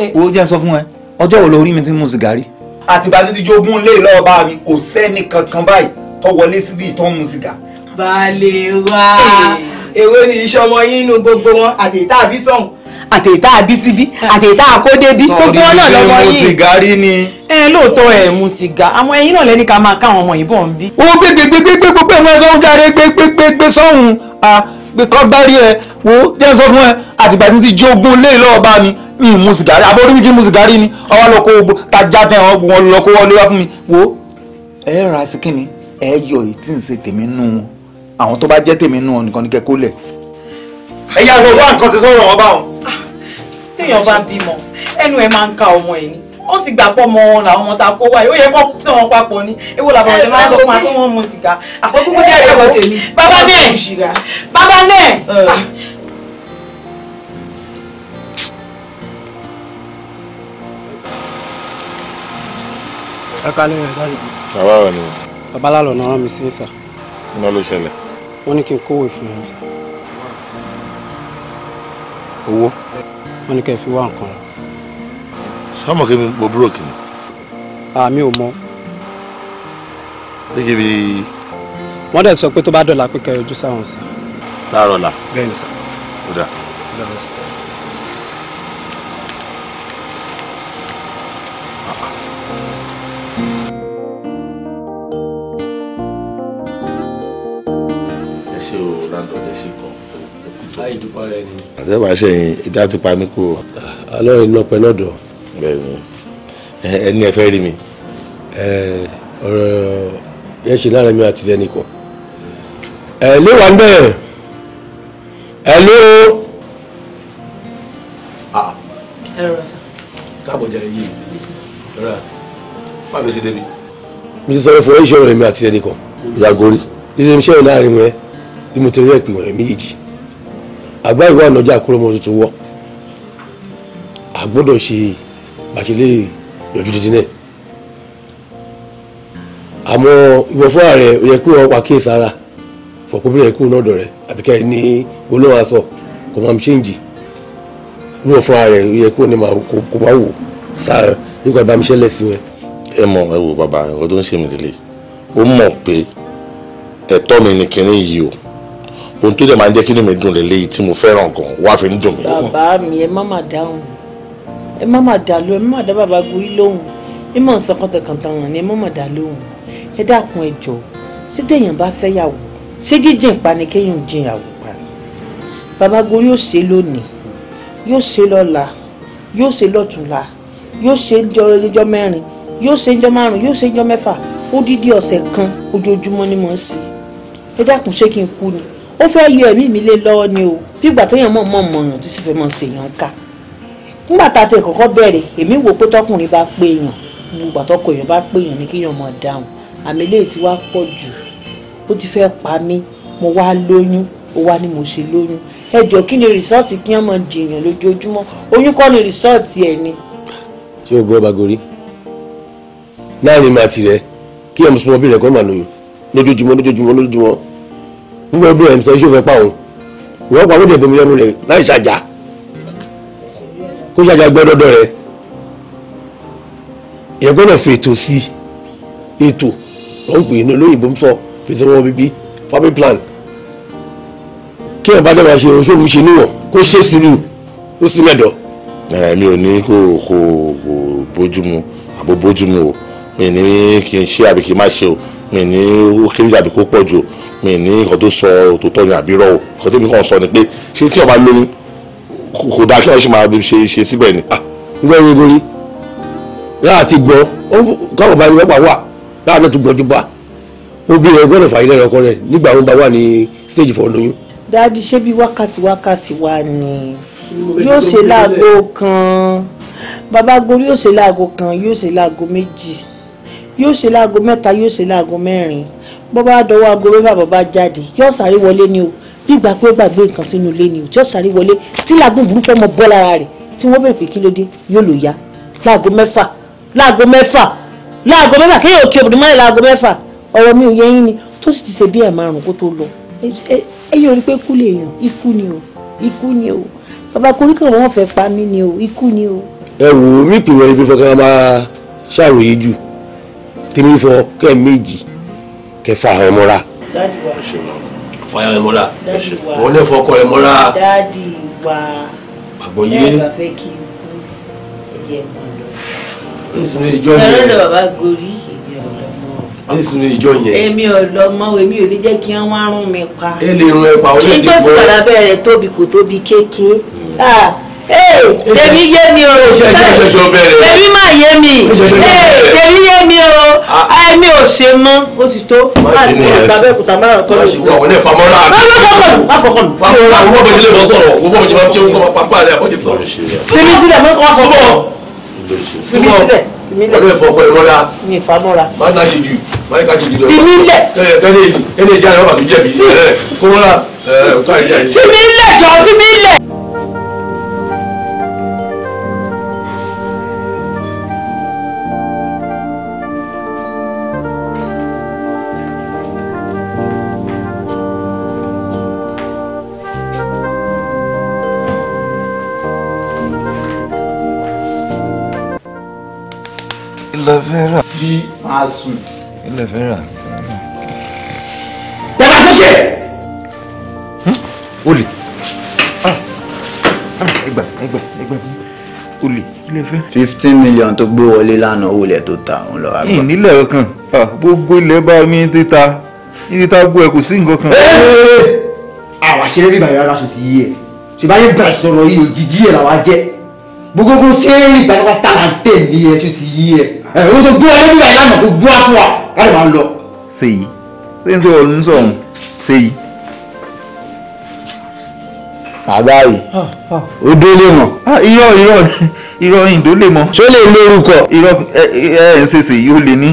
Eh. owó jẹ́ sọ fún ẹ ọjọ́ wo lo orí mi ti mú sìgárì. àtìgbà títí jogún lé lọ́ọ́ bá mi kò sẹ́ni kankan báyìí tó wọlé síbi tó ń mu sìgá. baálé wa èwo eh, ni ìṣọmọ yín inú gbogbo wọn àtẹ̀tà àbí sọ̀hún àtẹ̀tà àbí síbí ah. àtẹ̀tà àkódébí gbogbo wọn náà lọ́mọ yìí. sọ̀rí ṣe mu rí ni. ẹ lóòótọ́ ẹ̀ mu sìgá àwọn ẹ̀yin náà lẹ́ni ká máa ká ọmọ yìí bọ̀ ń bí. owó gbégbégbégbé gbogbo ẹ̀ máa sọ́hún járe gbégbégbé kọ́ bá rí ẹ wo jẹ́ sọ fún ẹ àtìgbà tí ti jẹ́ lé lọ́wọ́ bá mi mi mu sìgárì àbórí mi kí mu sìgárì ni ọwọ́ lọ kó gbó tajà tẹ̀ wọ́n lọ kó wọlé wá fún mi wo ẹ ra sí kíni ẹ yọ èyí tí ń ṣe tèmi nù wọn àwọn tó bá jẹ́ tèmi nù wọn nìkan ní kẹ́kọ́ lẹ̀. ẹ yá lọ wá nǹkan ṣe sọ̀rọ̀ wọn bá wọn. Ah, téèyàn bá ń bímọ ẹnu ẹ máa ń ka ọmọ ẹ ni ó sì gbà pọ̀ mọ́ wọn làwọn ọmọ ta kó wáyé ó yẹ kó tẹ̀ wọ́n papọ̀ ni ewo làbọ̀ ọ̀sẹ̀ máa sọ fún wa kí wọ́n mu sìgá. Ah, àkókò jẹ́ ìyàwó tèmi. bàbá náà bàbá náà. ẹ kálẹ̀ ah. ẹ kálẹ̀. bàbá wa ni babalálọ̀ náà rán mi sí sà. iná ló ṣẹlẹ̀. wọ́n ní kí n kówó ìfún yẹn sà. owó. wọ́n ní kẹ́ ẹ fi wá nǹkan. sọ́mọ̀ kí mo búrò kì í. àmì ò mọ. níbi bí. wọ́n dẹ̀ sọ pé tó bá dọ̀la pé kẹ́ ẹ ojú sáwọn sà. láàárọ̀ la. bẹ́ẹ̀ ni sà. ó dà. bẹ́ẹ̀ ni ìdúpọ̀ rẹ ni. àtẹ̀wá sẹ́yìn ìdá ti pa mí kú o. alọ́rin náà pẹ́ náà bẹ́ẹ̀ni ẹni ẹ fẹ́ rí mi. ọ̀rọ̀ yẹn ṣe láàrin mi àti ẹnì kan. ẹ ló wà ń ẹ ló. Ah. káàbọ̀ jẹ́ yìí rárá má ló ṣe débi. mi ti sọ̀rọ̀ fún ẹ iṣẹ́ ọ̀rẹ́ mi àti ẹnì kan ìyàgò rí iṣẹ́ mi láàrin wọn bí mo ti rí ẹ̀pìn wọn méjì àgbá ìwà ọ̀nàjà kúrò mọ́ tuntun wọ́ a gbọ́dọ̀ ṣe bàṣẹlẹ̀ yọjú títí náà àmọ́ ìwọ fún ààrẹ ó yẹ kí wọ́n pa kí sára fọ̀pọ̀bìnrin ẹ̀kú náà dọ̀rẹ́ àbíkẹ́ ní olóhùn aṣọ kò máa ń ṣéǹjì ìwọ fún ààrẹ ó yẹ kí wọ́n ní máa kó máa wò sára nígbà bá mi ṣẹlẹ̀ sí wọn. ẹ mọ ẹ wo bàbá nǹkan tó ń ṣe mí lélẹ̀ ó mọ̀ pé ẹ̀tọ́ mi ni kinní yìí o ohun tó dẹ̀ máa ń jẹ́ kí inú mi dùn lélẹ́ yìí tí mo fẹ́ràn gan wá fi ń dùn mí. bàbá mi ẹ má má dáhùn ẹ má má dà lóhùn ẹ má má dá bàbá gorí lóhùn ẹ má sọ kọ́tàkọ́tàn hàn ni ẹ má má dá lóhùn ẹ dákun ẹ jọ ṣé téèyàn bá fẹ́ yàwó ṣé jíjìn pa ni kéèyàn jìn yàwó pa bàbá gorí yóò ṣe lónìí yóò ṣe lọ́la yóò ṣe lọ́túnla yóò ṣe ńjọ́ mẹ́rin yóò ṣe ńjọ́ márùn yóò ṣe ńjọ́ mẹ́fà ó dídí ọ̀sẹ̀ kan ojoojúmọ́ ni mo ń ṣe ẹ dákun ṣé kí n kú ni ó fẹ́ yọ ẹ̀mí mi lé lọ́wọ́ ni o bí ìgbà tó yàn mọ̀ mọ̀ mọ̀ràn tó sì fẹ́ mọ̀ ṣèyàn ká nígbà tá a ti kọ́kọ́ bẹ̀rẹ̀ èmi wò pé tọkùnrin bá pé èèyàn gbogbo àtọkọ èèyàn bá pé èèyàn ní kéèyàn mọ̀ dáhùn àmì eléyìí ti wá pọ̀ jù ó ti fẹ́ pa mí mo wá lóyún ó wá ní mo ṣe lóyún ẹ jọ kí ni rìsọ́ọ̀tì kí wọ́n mọ̀ jìyàn lójoojúmọ́ oyún kọ́ ni rìsọ́ọ̀tì ẹ̀ ni. ṣé o gbọ́ bagori láàrin màtì rẹ kí ọmọ sọmọ bí rẹ kọ́ mà lóyún lójoojúmọ́ lójoojúmọ́ lójoojúmọ́ nígbà ẹbí rẹ̀ sọ iṣẹ́ òfẹ́ pa òun ìwọ́n pa lóde ìbomi lẹ́nu rẹ̀ láì ṣàjà kó ṣàjà gbẹ́ dọ́dọ̀ rẹ̀ ìyẹn gbọ́dọ̀ fètò sí ètò wọ́n ń pè é lóyìnbó ń sọ fèsì wọn bíbí family plan kí ẹ̀ bá dábàá ṣe oṣù mi ṣe níwọ̀n kó ṣe sùúrù ó sì mẹ́dọ̀. mi ò ní kó kó kó bójúmu àbó bójúmu o mi ní kí n ṣe àbí kí n má ṣe o mi ní ó kéré jàbí kó pọ̀ jù mi ní nǹkan tó sọ òtòtọ́ ni àbírọ̀ o nǹkan tẹ́mi kàn sọ ni pé ṣé tí ọba lóyún kò dáa kí wọ́n ṣe máa ṣe ṣe síbẹ̀ ni. ìgbẹ́ yìí lórí láti gbọ́ káwọn bá yẹ wà wà láàbẹ̀ tó gbọ́ dùbà obìnrin gbọ́dọ̀ fà ilé ọkọ rẹ̀ nígbà wọn bá wà ní stage four lóyún. dájú ṣé bí wákàtí wákàtí wa ni yóò ṣe láago kan bàbá gorí yóò ṣe láago kan yóò ṣe láago méjì yóò ṣe láago mẹ́ta yóò ṣe láago mẹ́rin bó bá dọwọ́ aago mẹ́fà bàbá jáde yóò sáré wọlé ni o bí ìgbà pé ó gbàgbé nǹkan sínú ilé ni o yóò sáré wọlé tí làágùn burúkú ọmọ bọ́ lára rẹ̀ tí wọ́n bèrè pé kí ló dé yóò lò ya láago mẹ́fà láago mẹ́fà láago mẹ́fà kéèyàn òkè obìnrin mọ́lẹ̀ láago mẹ́fà ọ̀rọ̀ mi ò yẹ yín ni tó sì ti ṣe bí ẹ̀ márùn kó tó lọ ẹ̀yìn orí pé kú lè yàn ikú ni o ikú ni o bàbá koríko wọn fẹ́ pa mí ni o o. ẹ wò ó ibi fẹ́ ká máa tèmi fọ kẹ méjì kẹ fa àwọn ẹmọra. dáàdi wa fa wọn lè fọkọ rẹ mọra. dáàdi wa àgbọ̀yé dáàbà fẹ́ ìjọ yẹn sọ̀rọ̀ bàbá gorí èmi ọ̀lọ́mọ. nísìnyí ìjọ yẹn. èmi ọ̀lọ́mọ èmi ò ní jẹ́ kí wọ́n rún mi pa. ẹ lè rún ẹ pa ó lè ti gbọ́. tó sì padà tóbi kò tóbi kéèké. Hmm. Ah, èmi yé mi o èmi má yé mi èmi yé mi o èmi ò ṣe mọ́ ó ti tó láti ṣe ìtàbẹ́kùtà márùn-ún tó lè wọ. wọ́n lè famọ́ náà. wọ́n fọkàn nù. wọ́n bọ̀ jẹ́ lọ́wọ́ sọ̀rọ̀ wọ́n bọ̀ jẹ́ máa ń ṣe ń kọ́ pápá rẹ̀ àbọ̀jẹ̀ sọ̀rọ̀. sinmi sílẹ̀ mọ́ kọ́ fọ́kàn. sinmi sílẹ̀ tìmílẹ̀ ọdún ìfọkọ ìrora ní ìfamọ́ra má ná ṣe jù má yẹ ká ṣe jù lọ tìmílẹ̀ kẹ́lẹ́ ẹni ìjà ìrọ́bà tó jẹ̀bi kó wọ́n rà ká ìjà ìjà tìmílẹ̀ jọ tìmílẹ̀. fẹ́ fi máa sùn. kí lẹ bàbá sókè. Hm? olè ah. ah, ẹgbà ẹgbà ẹgbà olè kí fẹ́. fifteen million tó gbé wọlé lánàá owó ilẹ̀ tó ta òun lọ wá gbà. ìnílẹ̀ ọkàn ah, gbogbo ilẹ̀ bá mi títa títa gbó ẹ kò sí nǹkan kan. àwa ṣe lè rí ìbàyọ̀ aláṣọ ti yí ẹ̀ ṣùgbọ́n ayé bẹ̀rẹ̀ sọ̀rọ̀ yìí òjijì ẹ̀ làwa jẹ́ gbogbo ṣé ìgbàlópa tá à ń tẹ̀lé ẹ tó ti yí ẹ ẹ o tó gbé ọ lórí ìgbà ìlànà tó gbé wá fún wa ká lè máa lọ. ṣèyí ṣé n tó ń sọ òun ṣèyí. àgbáyé ó ah, ah. délé mọ. Ah, irọ́ irọ́ irọ́ ìdó lè mọ. ṣó lè lórúkọ. irọ́ ẹ ẹ ń ṣe ṣèyí ó lè ní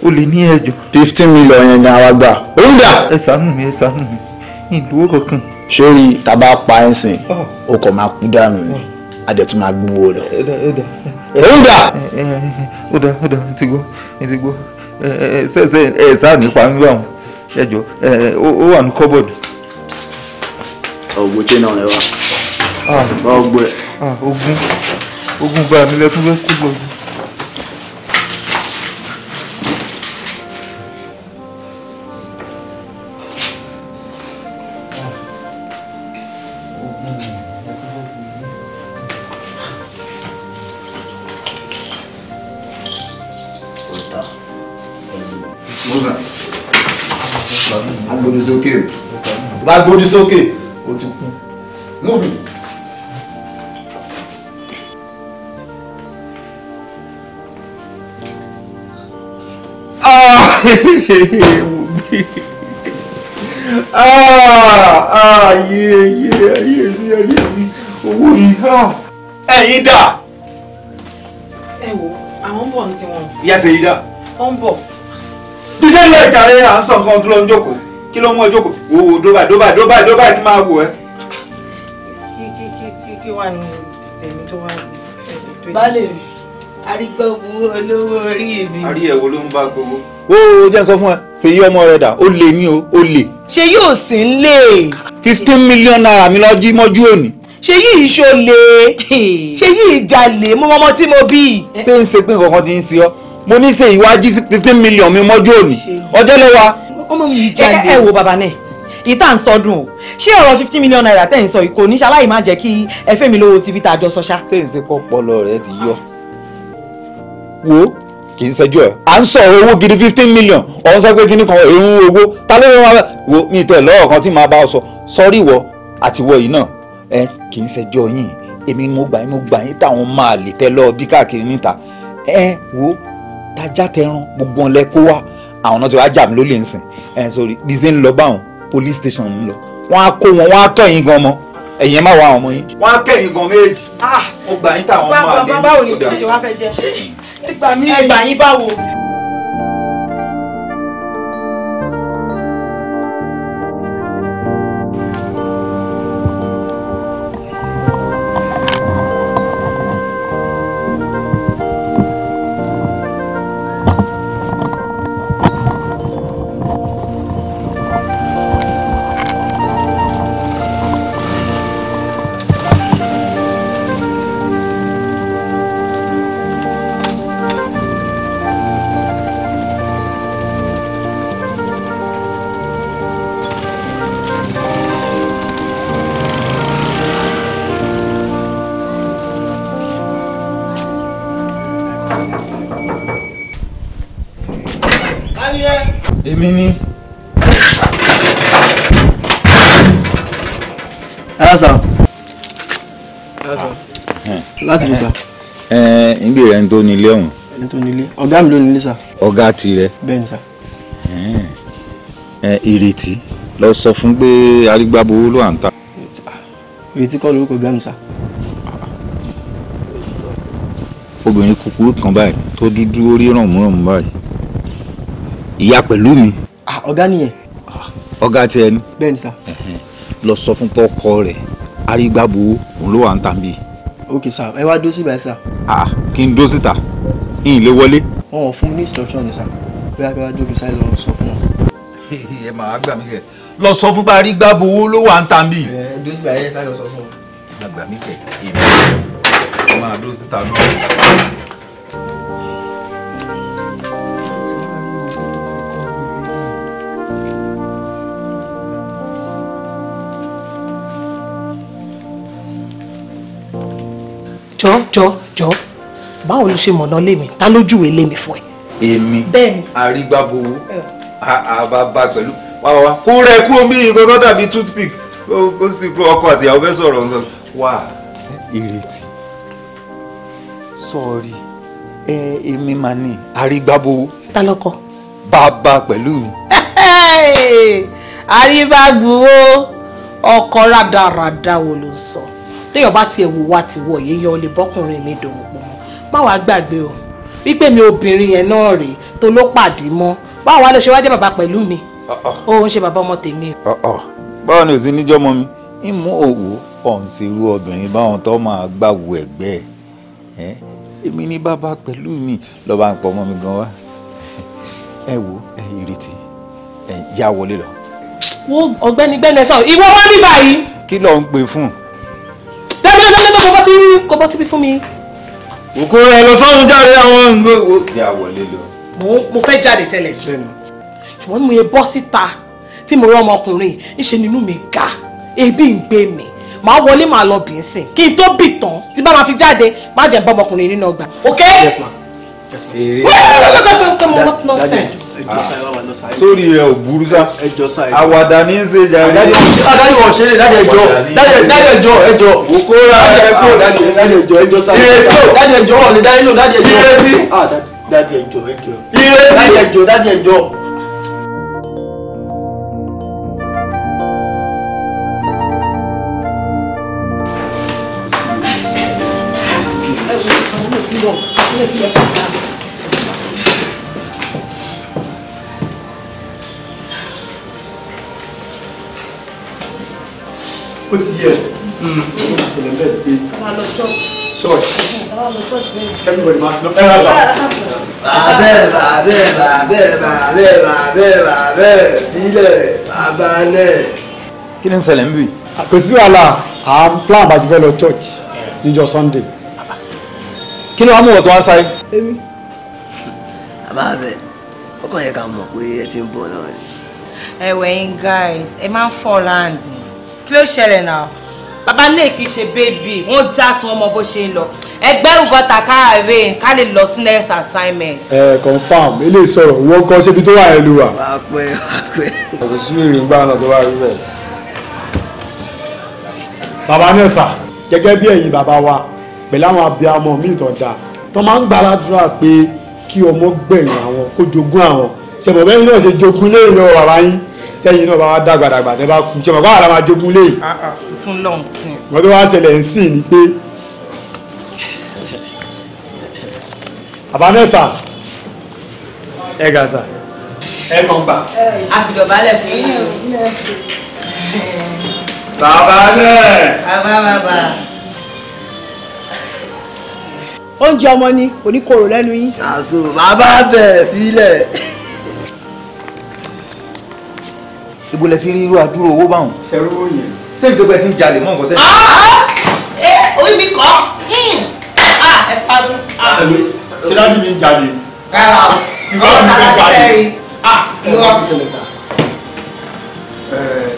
ó lè ní ẹjọ́. fifteen million yẹn gan wa gbà ó ń dà. ẹ ṣàánú mi ẹ ṣàánú mi ìdúró kankan. ṣé rí tàbá pa ẹ̀ sìn ó kọ̀ máa kú dànù ni adẹ̀tún máa gbowó rẹ̀. òun dà. ó dà ó dà ti gbó ti gbó ṣẹ̀ṣẹ̀ ẹ sáà nípa mi wà wọn ẹ jọ ó wà ní kọ́bọ̀dù. ọ̀gbọ̀n tí náà rẹ wá. Ah. ọ̀gbọ̀n. Ah, ogun ogun gba mi lẹ́kún fẹ́ kú lọ́dún. gbójú sókè ó ti kú múbi. Ah! Ah! Ah! ayé ayé ayé mi ayé mi owó mi ẹ̀yin dà. ẹ wo àwọn ń bọ̀ ní tiwọn. ìyá ṣèyí dà. wọ́n ń bọ̀. dídé ilé ìkàrẹ́ à ń sọ nǹkan tó lọ ń jókòó kí ló mú ọjọ́ kò wò wò dóbà dóbà dóbà dóbà kí máa wò ẹ́. kí kí kí kí kí wà ní tèmi tó wà ní. balẹ̀ arígbọ́bu olówó orí mi. àrí ẹ̀wò ló ń bá gbowó. ó ó jẹ́ sọ fún ẹ ṣèyí ọmọ rẹ dà ó lè ní o ó lè. ṣe yóò sì ń lè. fifteen million naira mi lọ jí mọ́jú òní ṣe yìí ṣọlẹ ṣe yìí jalè mo mọmọ tí mo bí. ṣé ń ṣe pé nǹkan ti ń ṣe ọ mo ní ṣe ìwájú fifteen million mi mọ́jú òní ọjọ́ lẹ́wà ọmọ mi jalè. ẹ wo bàbá náà ìta ń sọdún o ṣé ọ̀rọ̀ fifty million naira tẹ̀ ń sọ ìkò ní ṣaláì má jẹ́ kí ẹ fẹ́ mi lówó tv tá a jọ sọ ṣá. tẹ̀ ń ṣe pọ́pọ́lọ rẹ ti yọ. wo kì í ṣẹjú ẹ à ń sọ owó gidi fifteen million ọ̀hún sọ pé kíní kan èrún owó ta ló wọ́n wá wo mi tẹ̀ lọ́rọ̀ kan tí màá bá ọ sọ sọ́rí ìwọ àti ìwọ yìí náà ẹ kì í ṣẹjọ́ yìí èmi mo gbà yín mo gbà yín táwọn máa lè tẹ lọ́ọ́ bí káàkiri níta ẹ wo tajá tẹran gbogbo ọ̀lẹ́ kó àwọn náà ti wá jà mí lólè nsìn ẹ̀ sori bí ń lọ báwọn police station ń lọ wọ́n á kó wọn wọ́n á tọ̀ yín gan mọ́ ẹ̀yin ẹ̀ má wá àwọn ọmọ yín. wọ́n á kẹ́yìn gan méjì ah, mo gbà yín táwọn ọmọ àlè ní ìgbà mi ẹgbà yín báwo. family rẹ ń tó nílé ọ̀hún. ẹni tó nílé ọ̀gá mi ló nílé sà. ọ̀gá tirẹ̀. bẹ́ẹ̀ni sà. ẹ ìrètí lọ sọ fún pé arígbábowó ló à ń ta. ìrètí ah, kọ́ lórúkọ ọ̀gá mi sà. obìnrin kúkúrú kan báyìí tó dúdú orí rànmúrànmú báyìí ìyá pẹ̀lú mi. Ah, ọ̀gá nìyẹn. Ah, ọ̀gá tiẹ̀ ni. bẹ́ẹ̀ni sà. lọ sọ fún pọ́kọ rẹ̀ arígbábowó òun ló wà ń tà ń ok sir ẹ wá dúró síbẹ̀ sir. ah kí n dó síta n lè wọlé. wọn ò fún ní instruction ní sá bí akẹ́wà jókè sáré lọ sọ fún wọn. ẹ máa gbà mí kẹ lọ sọ fún parí gbàgbó owó ló wà ń tà mí. ẹ dó síta ẹ sáré lọ sọ fún wọn. gbàgbà mí kẹ èmi máa dó síta lọ. báwo ló ṣe mọ̀nà lémi ta lójúwe lémi fún ẹ. èmi arígbábowó àbàbà pẹ̀lú wá wá kó rẹ kúrò bí nǹkan dàbí toothpick kó sì kúrò ọkọ àti ìyàwó fẹ́ sọ̀rọ̀ nsọ wá. ìrètí sọ̀rí ẹ èmi mà ní arígbábowó. ta lọkọ. bàbá pẹ̀lú mi. ọkọ rádaràda wo ló ń sọ téèyàn bá tiẹ̀ wò wá tiwọ̀ yẹn yọ ọ lè bọ́kùnrin mi dòwò pọ̀ má wàá gbàgbé o wípé mi obìnrin yẹn náà rèé tó ló pàdé mọ́ báwo wá ló ṣe wá jẹ́ bàbá pẹ̀lú mi ó ń ṣe bàbá ọmọ tèmi. báwo ni òsín níjọ́ mọ́ mi ń mú òwò ọ̀hún sí irú obìnrin báwọn tó máa gbàwò ẹ̀gbẹ́ ẹ̀ èmi ní bàbá pẹ̀lú mi lọ́ba ń pọ̀ mọ́ mi gan wá ẹ wo ẹ ìrètí ẹ yá wọlé lọ. wo ọ̀gbẹ́ni gbẹnu ẹ sọ ìwọ wá ní báyìí. kí ló ń pè fún. tẹ́lẹ̀ tẹ́lẹ̀ tó kọ́ bọ́ síbí fún mi òkú rẹ lọ sọ́run jáde àwọn nǹkan. bí a wọlé lọ. mo fẹ́ jáde tẹ́lẹ̀ ṣùgbọ́n mo yẹ bọ́ síta tí mo rán ọmọkùnrin ńṣe nínú mi ga ebi ń gbé mi màá wọlé màá lọ bì í sìn kí n tó bì tán tí bá máa fi jáde má jẹ́ bọ́ ọmọkùnrin nínú ọgbà. ok. yes ma eré. what nonsense. sórí ẹ ò burú sá àwàdà ní í ṣe jàre. adájọ́ wọn ṣeré dájọ́ ẹjọ́ dájọ́ ẹjọ́ ẹjọ́. òkú ra ẹkọ dájọ́ ẹjọ́ ẹjọ́ sáré. ìrètí o dájọ́ ẹjọ́ wọn lè dájọ́ dájọ́ ẹjọ́. ìrètí. dájọ́ ẹjọ́ ẹjọ́. ìrètí. dájọ́ ẹjọ́ dájọ́ ẹjọ́. Thank you. ó ti yẹ hmm. ó máa ṣẹlẹ̀ bẹ́ẹ̀ pé ṣọ́ọ̀ṣì everybody máa sinú ẹ̀rọ àṣà. bàbẹ́ bàbẹ́ bàbẹ́ bàbẹ́ bàbẹ́ bàbẹ́ bílẹ̀ babalẹ̀. kí ni ń ṣẹlẹ̀ ń bì. kò sí wàhálà à ń plan bá ti fẹ́ lọ church níjọ́ sunday. kí ni wàá mú ọ̀tọ̀ wá sáré. èmi bàbá abẹ ọkọ yẹn ká mọ̀ pé ẹ ti ń bọ̀ náà. ẹ̀wẹ̀ yín guys ẹ máa ń fall hand kí ló ṣẹlẹ̀ náà bàbá náà kì í ṣe bébì wọ́n já sí wọn mọ bó ṣe lọ ẹgbẹ́ ìwọ́ta káàárẹ̀ ká lè lọ sí next assignment. ẹ confam ilé ìsọ̀rọ̀ wọ́n kọ́ síbi tó wà ẹ lù wá. wàá pẹ́ wàá pẹ́. ọ̀pọ̀ sí mi rìn gbà náà tó wà rí bẹ́ẹ̀. bàbá náà sà gẹ́gẹ́ bí ẹ̀yin bàbá wa pẹ̀lú àwọn abiyamọ míì tó dáa tó máa ń gbàládùra pé kí ọmọ gbẹ̀yìn àwọn kó jogún àwọn ṣẹ̀mọ̀ bẹ́ẹ̀ náà ṣe jogún lẹ́yìn lọ́wọ́ bàbá yín tẹ́yìn náà bá wá dàgbàdàgbà tẹ́ bá kú jọmọ báwa la máa jogún lé. Ah, ah, tún lọ́hùn tún. wọ́n tó wá ṣẹlẹ̀ ń sìn ni pé àbámẹ́sà ẹ gà sà ẹ mọ̀ gbà. àfìdọ̀bálẹ̀ fún yín o. bàbá náà. bàbá bàbá. oúnjẹ ọmọ ni kò ní korò lẹ́nu yín. àṣọ bàbá bẹ̀ fílẹ̀. ibo lẹ ti rí irú àdúrò owó báwọn. ṣẹ̀rú owó yẹn. ṣé ìṣègùn ẹ ti ń jalè mọ́ nǹkan tẹ́lẹ̀. ẹ ah, ah! Eh, orí mi kọ́ hmm. ah, ẹ fásún. ṣé dájú mi ń jalè. rárá o ìwọ́n mi ń jalè. ìwọ́n mi ṣẹlẹ̀ sá.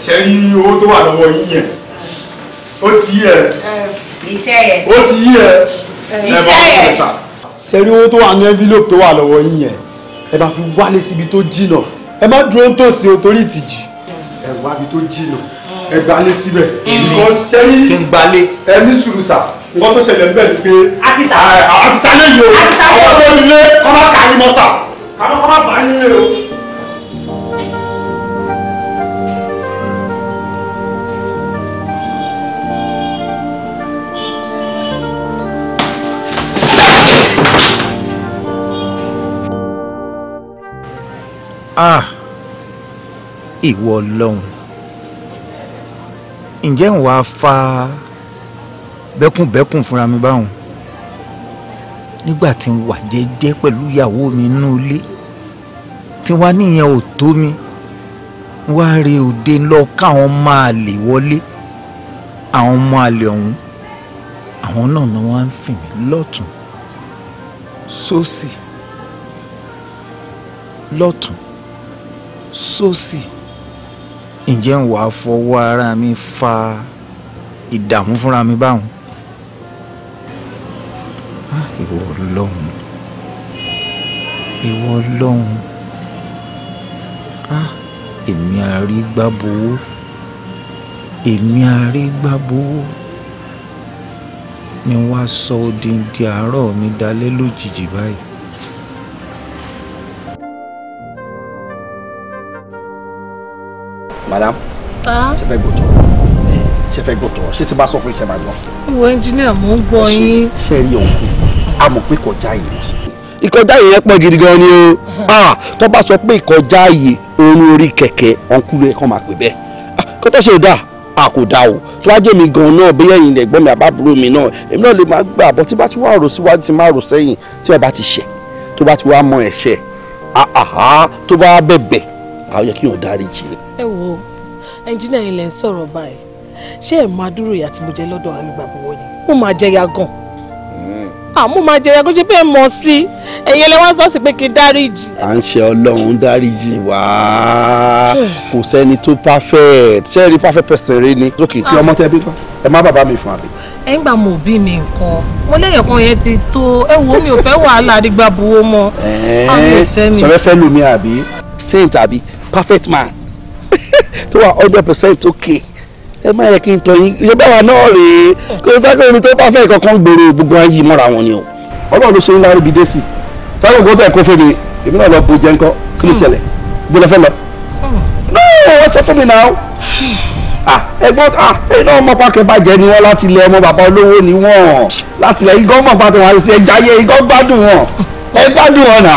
ṣe rí owó tó wà lọ́wọ́ yín yẹn ó ti yẹ. Eh, iṣẹ́ yẹn. ó ti yẹ. Eh, iṣẹ́ yẹn. ṣe rí owó tó wà ní envelope tó wà lọ́wọ́ yín yẹn ẹ bá fi wálé síbi tó jìnnà ẹ má dúró ń tòsí o torí ìtìjú ẹ̀wá bi tó jìnnà ẹ gbalé síbẹ̀ because sẹ́yìn kí n gbalé ẹ ní sùúrù sà nǹkan tó ṣẹlẹ̀ ń bẹ̀ ni pé àtìtà àtìtà lè yọ ọmọ tó nílé kọ́má kà yín mọ́ sà kàmá kọ́má bà yín lé o. Ah ìwọ ọlọ́run ǹjẹ́ ń wàá fa bẹ́kùnbẹ́kùn fúnra mi báwọn nígbà tí ń wà jẹ́jẹ́ pẹ̀lú ìyàwó mi nínú ilé tí wàá níyẹn ò tó mi wá rí òde lọ káwọn máa lè wọlé àwọn ọmọ àlè ọ̀hún àwọn náà ni wọ́n á ń mí lọ́tún sósì lọ́tún sósì. So ǹjẹ́ ń wàá fọwọ́ ara mi fa ìdààmú fúnra mi báwọn. ìwọ ọlọ́run ìwọ ọlọ́run èmi àrígbábowó èmi àrígbábowó ni wàá sọ odindi àárọ̀ mi dalẹ́ lójijì báyìí. madam ṣe fẹ́ gbọ́tọ̀ ṣe fẹ́ gbọ́tọ̀ ṣe ti bá sọ fún iṣẹ́ máa gbọ́. ìwọ ẹnjìnìà mò ń gbọ́ yín. ṣe rí òkú a mọ̀ pé kọjá yìí. ìkọjá yìí yẹn pọ̀ gidi gan ni o ah, tó bá sọ pé ìkọjá yìí oorun orí kẹ̀kẹ́ ọ̀nkúlẹ̀ kan máa pè bẹ́ẹ̀ ah, kó tó ṣe dáa a kò dá o tó bá jẹ́ mi gan náà bóyá ẹ̀yin lẹ̀ gbọ́n mi àbábúrò mi náà èmi náà lè máa gbà bọ́ tí bá ti wá rò síwájú tí máa rò sẹ́yìn tí ọba ti ṣẹ̀ tó bá ti wá mọ ẹ̀ṣẹ̀ àhà tó bá bẹ̀bẹ̀ àwọn yẹ kí wọ́n dárí jì ní ẹ wo ẹnjìnìà yìí lẹ ń sọ̀rọ̀ báyìí ṣé ẹ máa dúró ìyà tí mo jẹ lọ́dọ̀ àwọn ìgbà gbogbo ni mo máa jẹ ya gan àmú hmm. ah, máa jẹ ya kó ṣe pé mọ̀ sí ẹ̀yin ẹlẹ́wọ̀n sọ́ọ̀sì pé kí n dáríjì. à ń ṣe ọlọ́run dáríjì wá hmm. kò sẹ́ni tó perfect ṣé ẹ rí perfect person rí ni. sókè kí ọmọ tẹ bí kan ẹ má bàbá mi fún àbí. ẹ ń gbà mo bí mi nǹkan mo lẹ́yìn kan yẹn ti tó ẹ wo mi ò fẹ́ wàhálà àdìgbà buwó mọ́. ẹ ẹ sọ fẹ́ fẹ́ lómi àbí saint àbí perfect man tó wà hundred percent okay ẹ má yẹ kí n tọ́ yín ṣe báwa náà rèé kò sáké omi tó bá fẹ́ kankan gbèrò gbogbo ayé mọ́ra wọn ni o ọlọ́run ló ṣe ńlá ríbi dé sí i táwọn ògbó tẹ̀ kó fún mi èmi náà lọ bo jẹ́ ńkọ́ kí ló ṣẹlẹ̀ gbé lọ fẹ́ lọ. náà wọ́n sọ fún mi náà ah, ẹ̀gbọ́n ah, ẹ̀yin náà ọmọ pàkẹ́ bàjẹ́ ni wọ́n láti ilẹ̀ ọmọ bàbá olówó ni wọ́n láti ilẹ̀ igán mọ̀ pàtó wọn àti ẹ̀jáyé igán gbádùn wọn ẹ gbádùn ọ̀nà.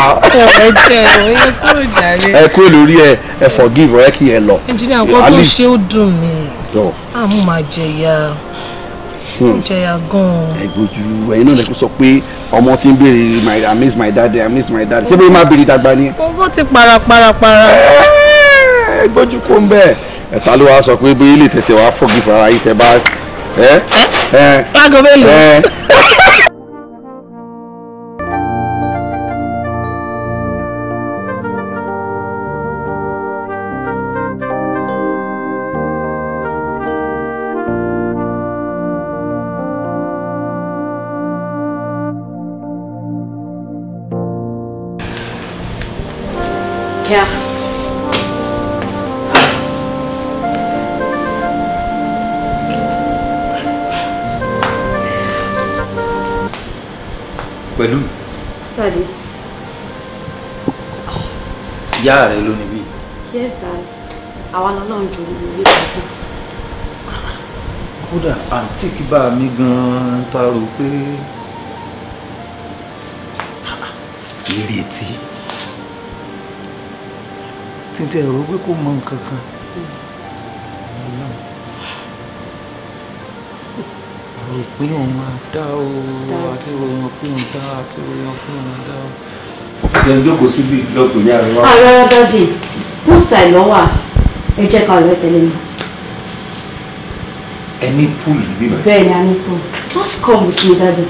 ẹ jẹ ẹ yẹ kúrò jàre. ẹ kúrò lórí ẹ ẹ forgive ẹ kí ẹ lọ. ẹnjìnìà nǹkan tó ṣe ó dùn mí àmú máa jẹyà hmm. jẹyà gan-an. ẹ gbójú ẹyin náà lẹkọọ sọ pé ọmọ tí ń béèrè my i miss my daddy. i miss my dad ṣé bóyá máa béèrè dàgbà ni. owó ti para para para. ẹ gbójú kó ń bẹ́ẹ̀ ẹ̀ta ló wá sọ pé bí ilé tètè wá forgive ara yìí tẹ bá ẹ ẹ. lágọ̀ mélòó. ìyá rẹ ló níbí. yes dad àwa lọ́nà ń jòrò lórí ìgbà kódà àǹtí kí bá mi gan-an ta rò pé ìrètí títí ẹ̀rọ pé kò mọ nǹkan kan. rò pé òun máa dá o àti ròyìn pé òun dá àti ròyìn pé òun dá o ṣe ń jókòó síbi lọ́kùn ní àríwá. ààrẹ dádì poolside lọ wà ẹ jẹ́ ká lọ tẹ̀lé mi. ẹ ní pool níbí báyìí. bẹ́ẹ̀ ni a ní pool just come with me dádì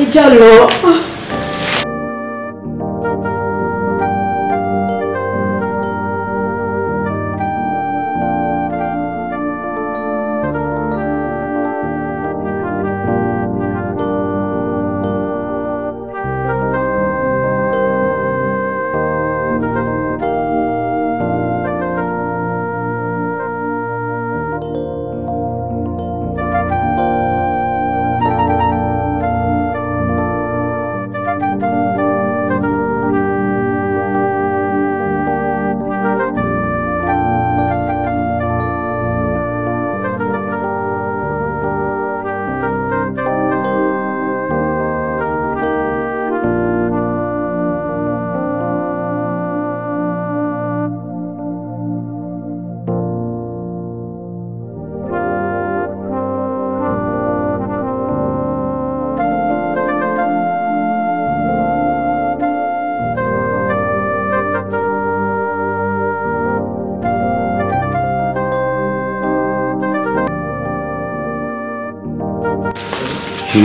ẹ já lọ. Ah.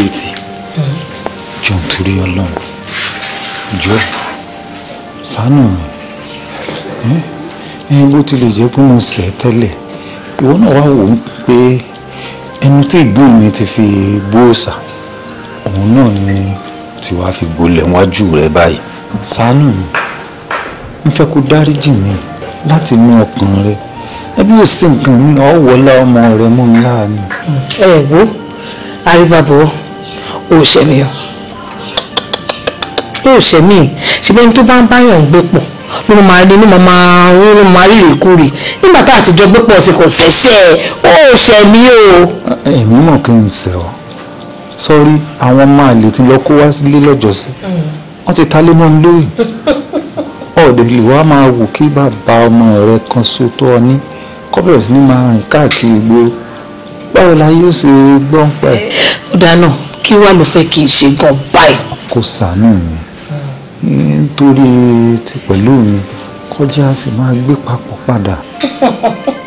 létí jọ̀ọ́ torí ọlọ́run jọ̀ọ́ ṣàánú mi ẹ bó tilẹ̀ jẹ́ kó mo sẹ̀ tẹ́lẹ̀ ìwọ náà wá wò ó pé ẹnu tí ìgbín mi ti fi gbóòsà òun náà ni tí wàá fi gbolẹ̀ wájú rẹ báyìí ṣàánú mi ń fẹ́ kó dáríjì mi láti mú ọkàn rẹ ẹbí ò sí nǹkan mi ọ̀wọ́lá ọmọ rẹ mú mi láàánú. ẹ wo àríbàbọ̀ o ṣe o o ṣe mi ṣùgbọ́n ẹni tó bá ń báyọ̀ ń gbé pọ̀ ló mo máa rí ló mo máa ń ló mo rí ìrèkúrè nígbà tá àtijọ́ gbé pọ̀ sí kò ṣẹ̀ṣẹ̀ o ṣe mi o. èmi mọ̀ kí n sẹ́ ọ sọ́rí àwọn ọmọ àlè tí lọ́ọ́ kó wá sílé lọ́jọ́sí wọ́n ti ta lé mọ́ mi lóyè ọ̀dẹ̀lẹ̀ wa máa wò kí bàbá ọmọ rẹ kan o tó ọ ní kọ́bẹ̀rẹ̀ sí ni máa rìn káàkiri gbó báwo la yóò ṣe gbọ́n pẹ́. ó dáná kí wàá ló fẹ́ kí n ṣe gan báyìí. kò sànù mi nítorí ti pẹ̀lú mi kọjá sì máa gbé papọ̀ padà.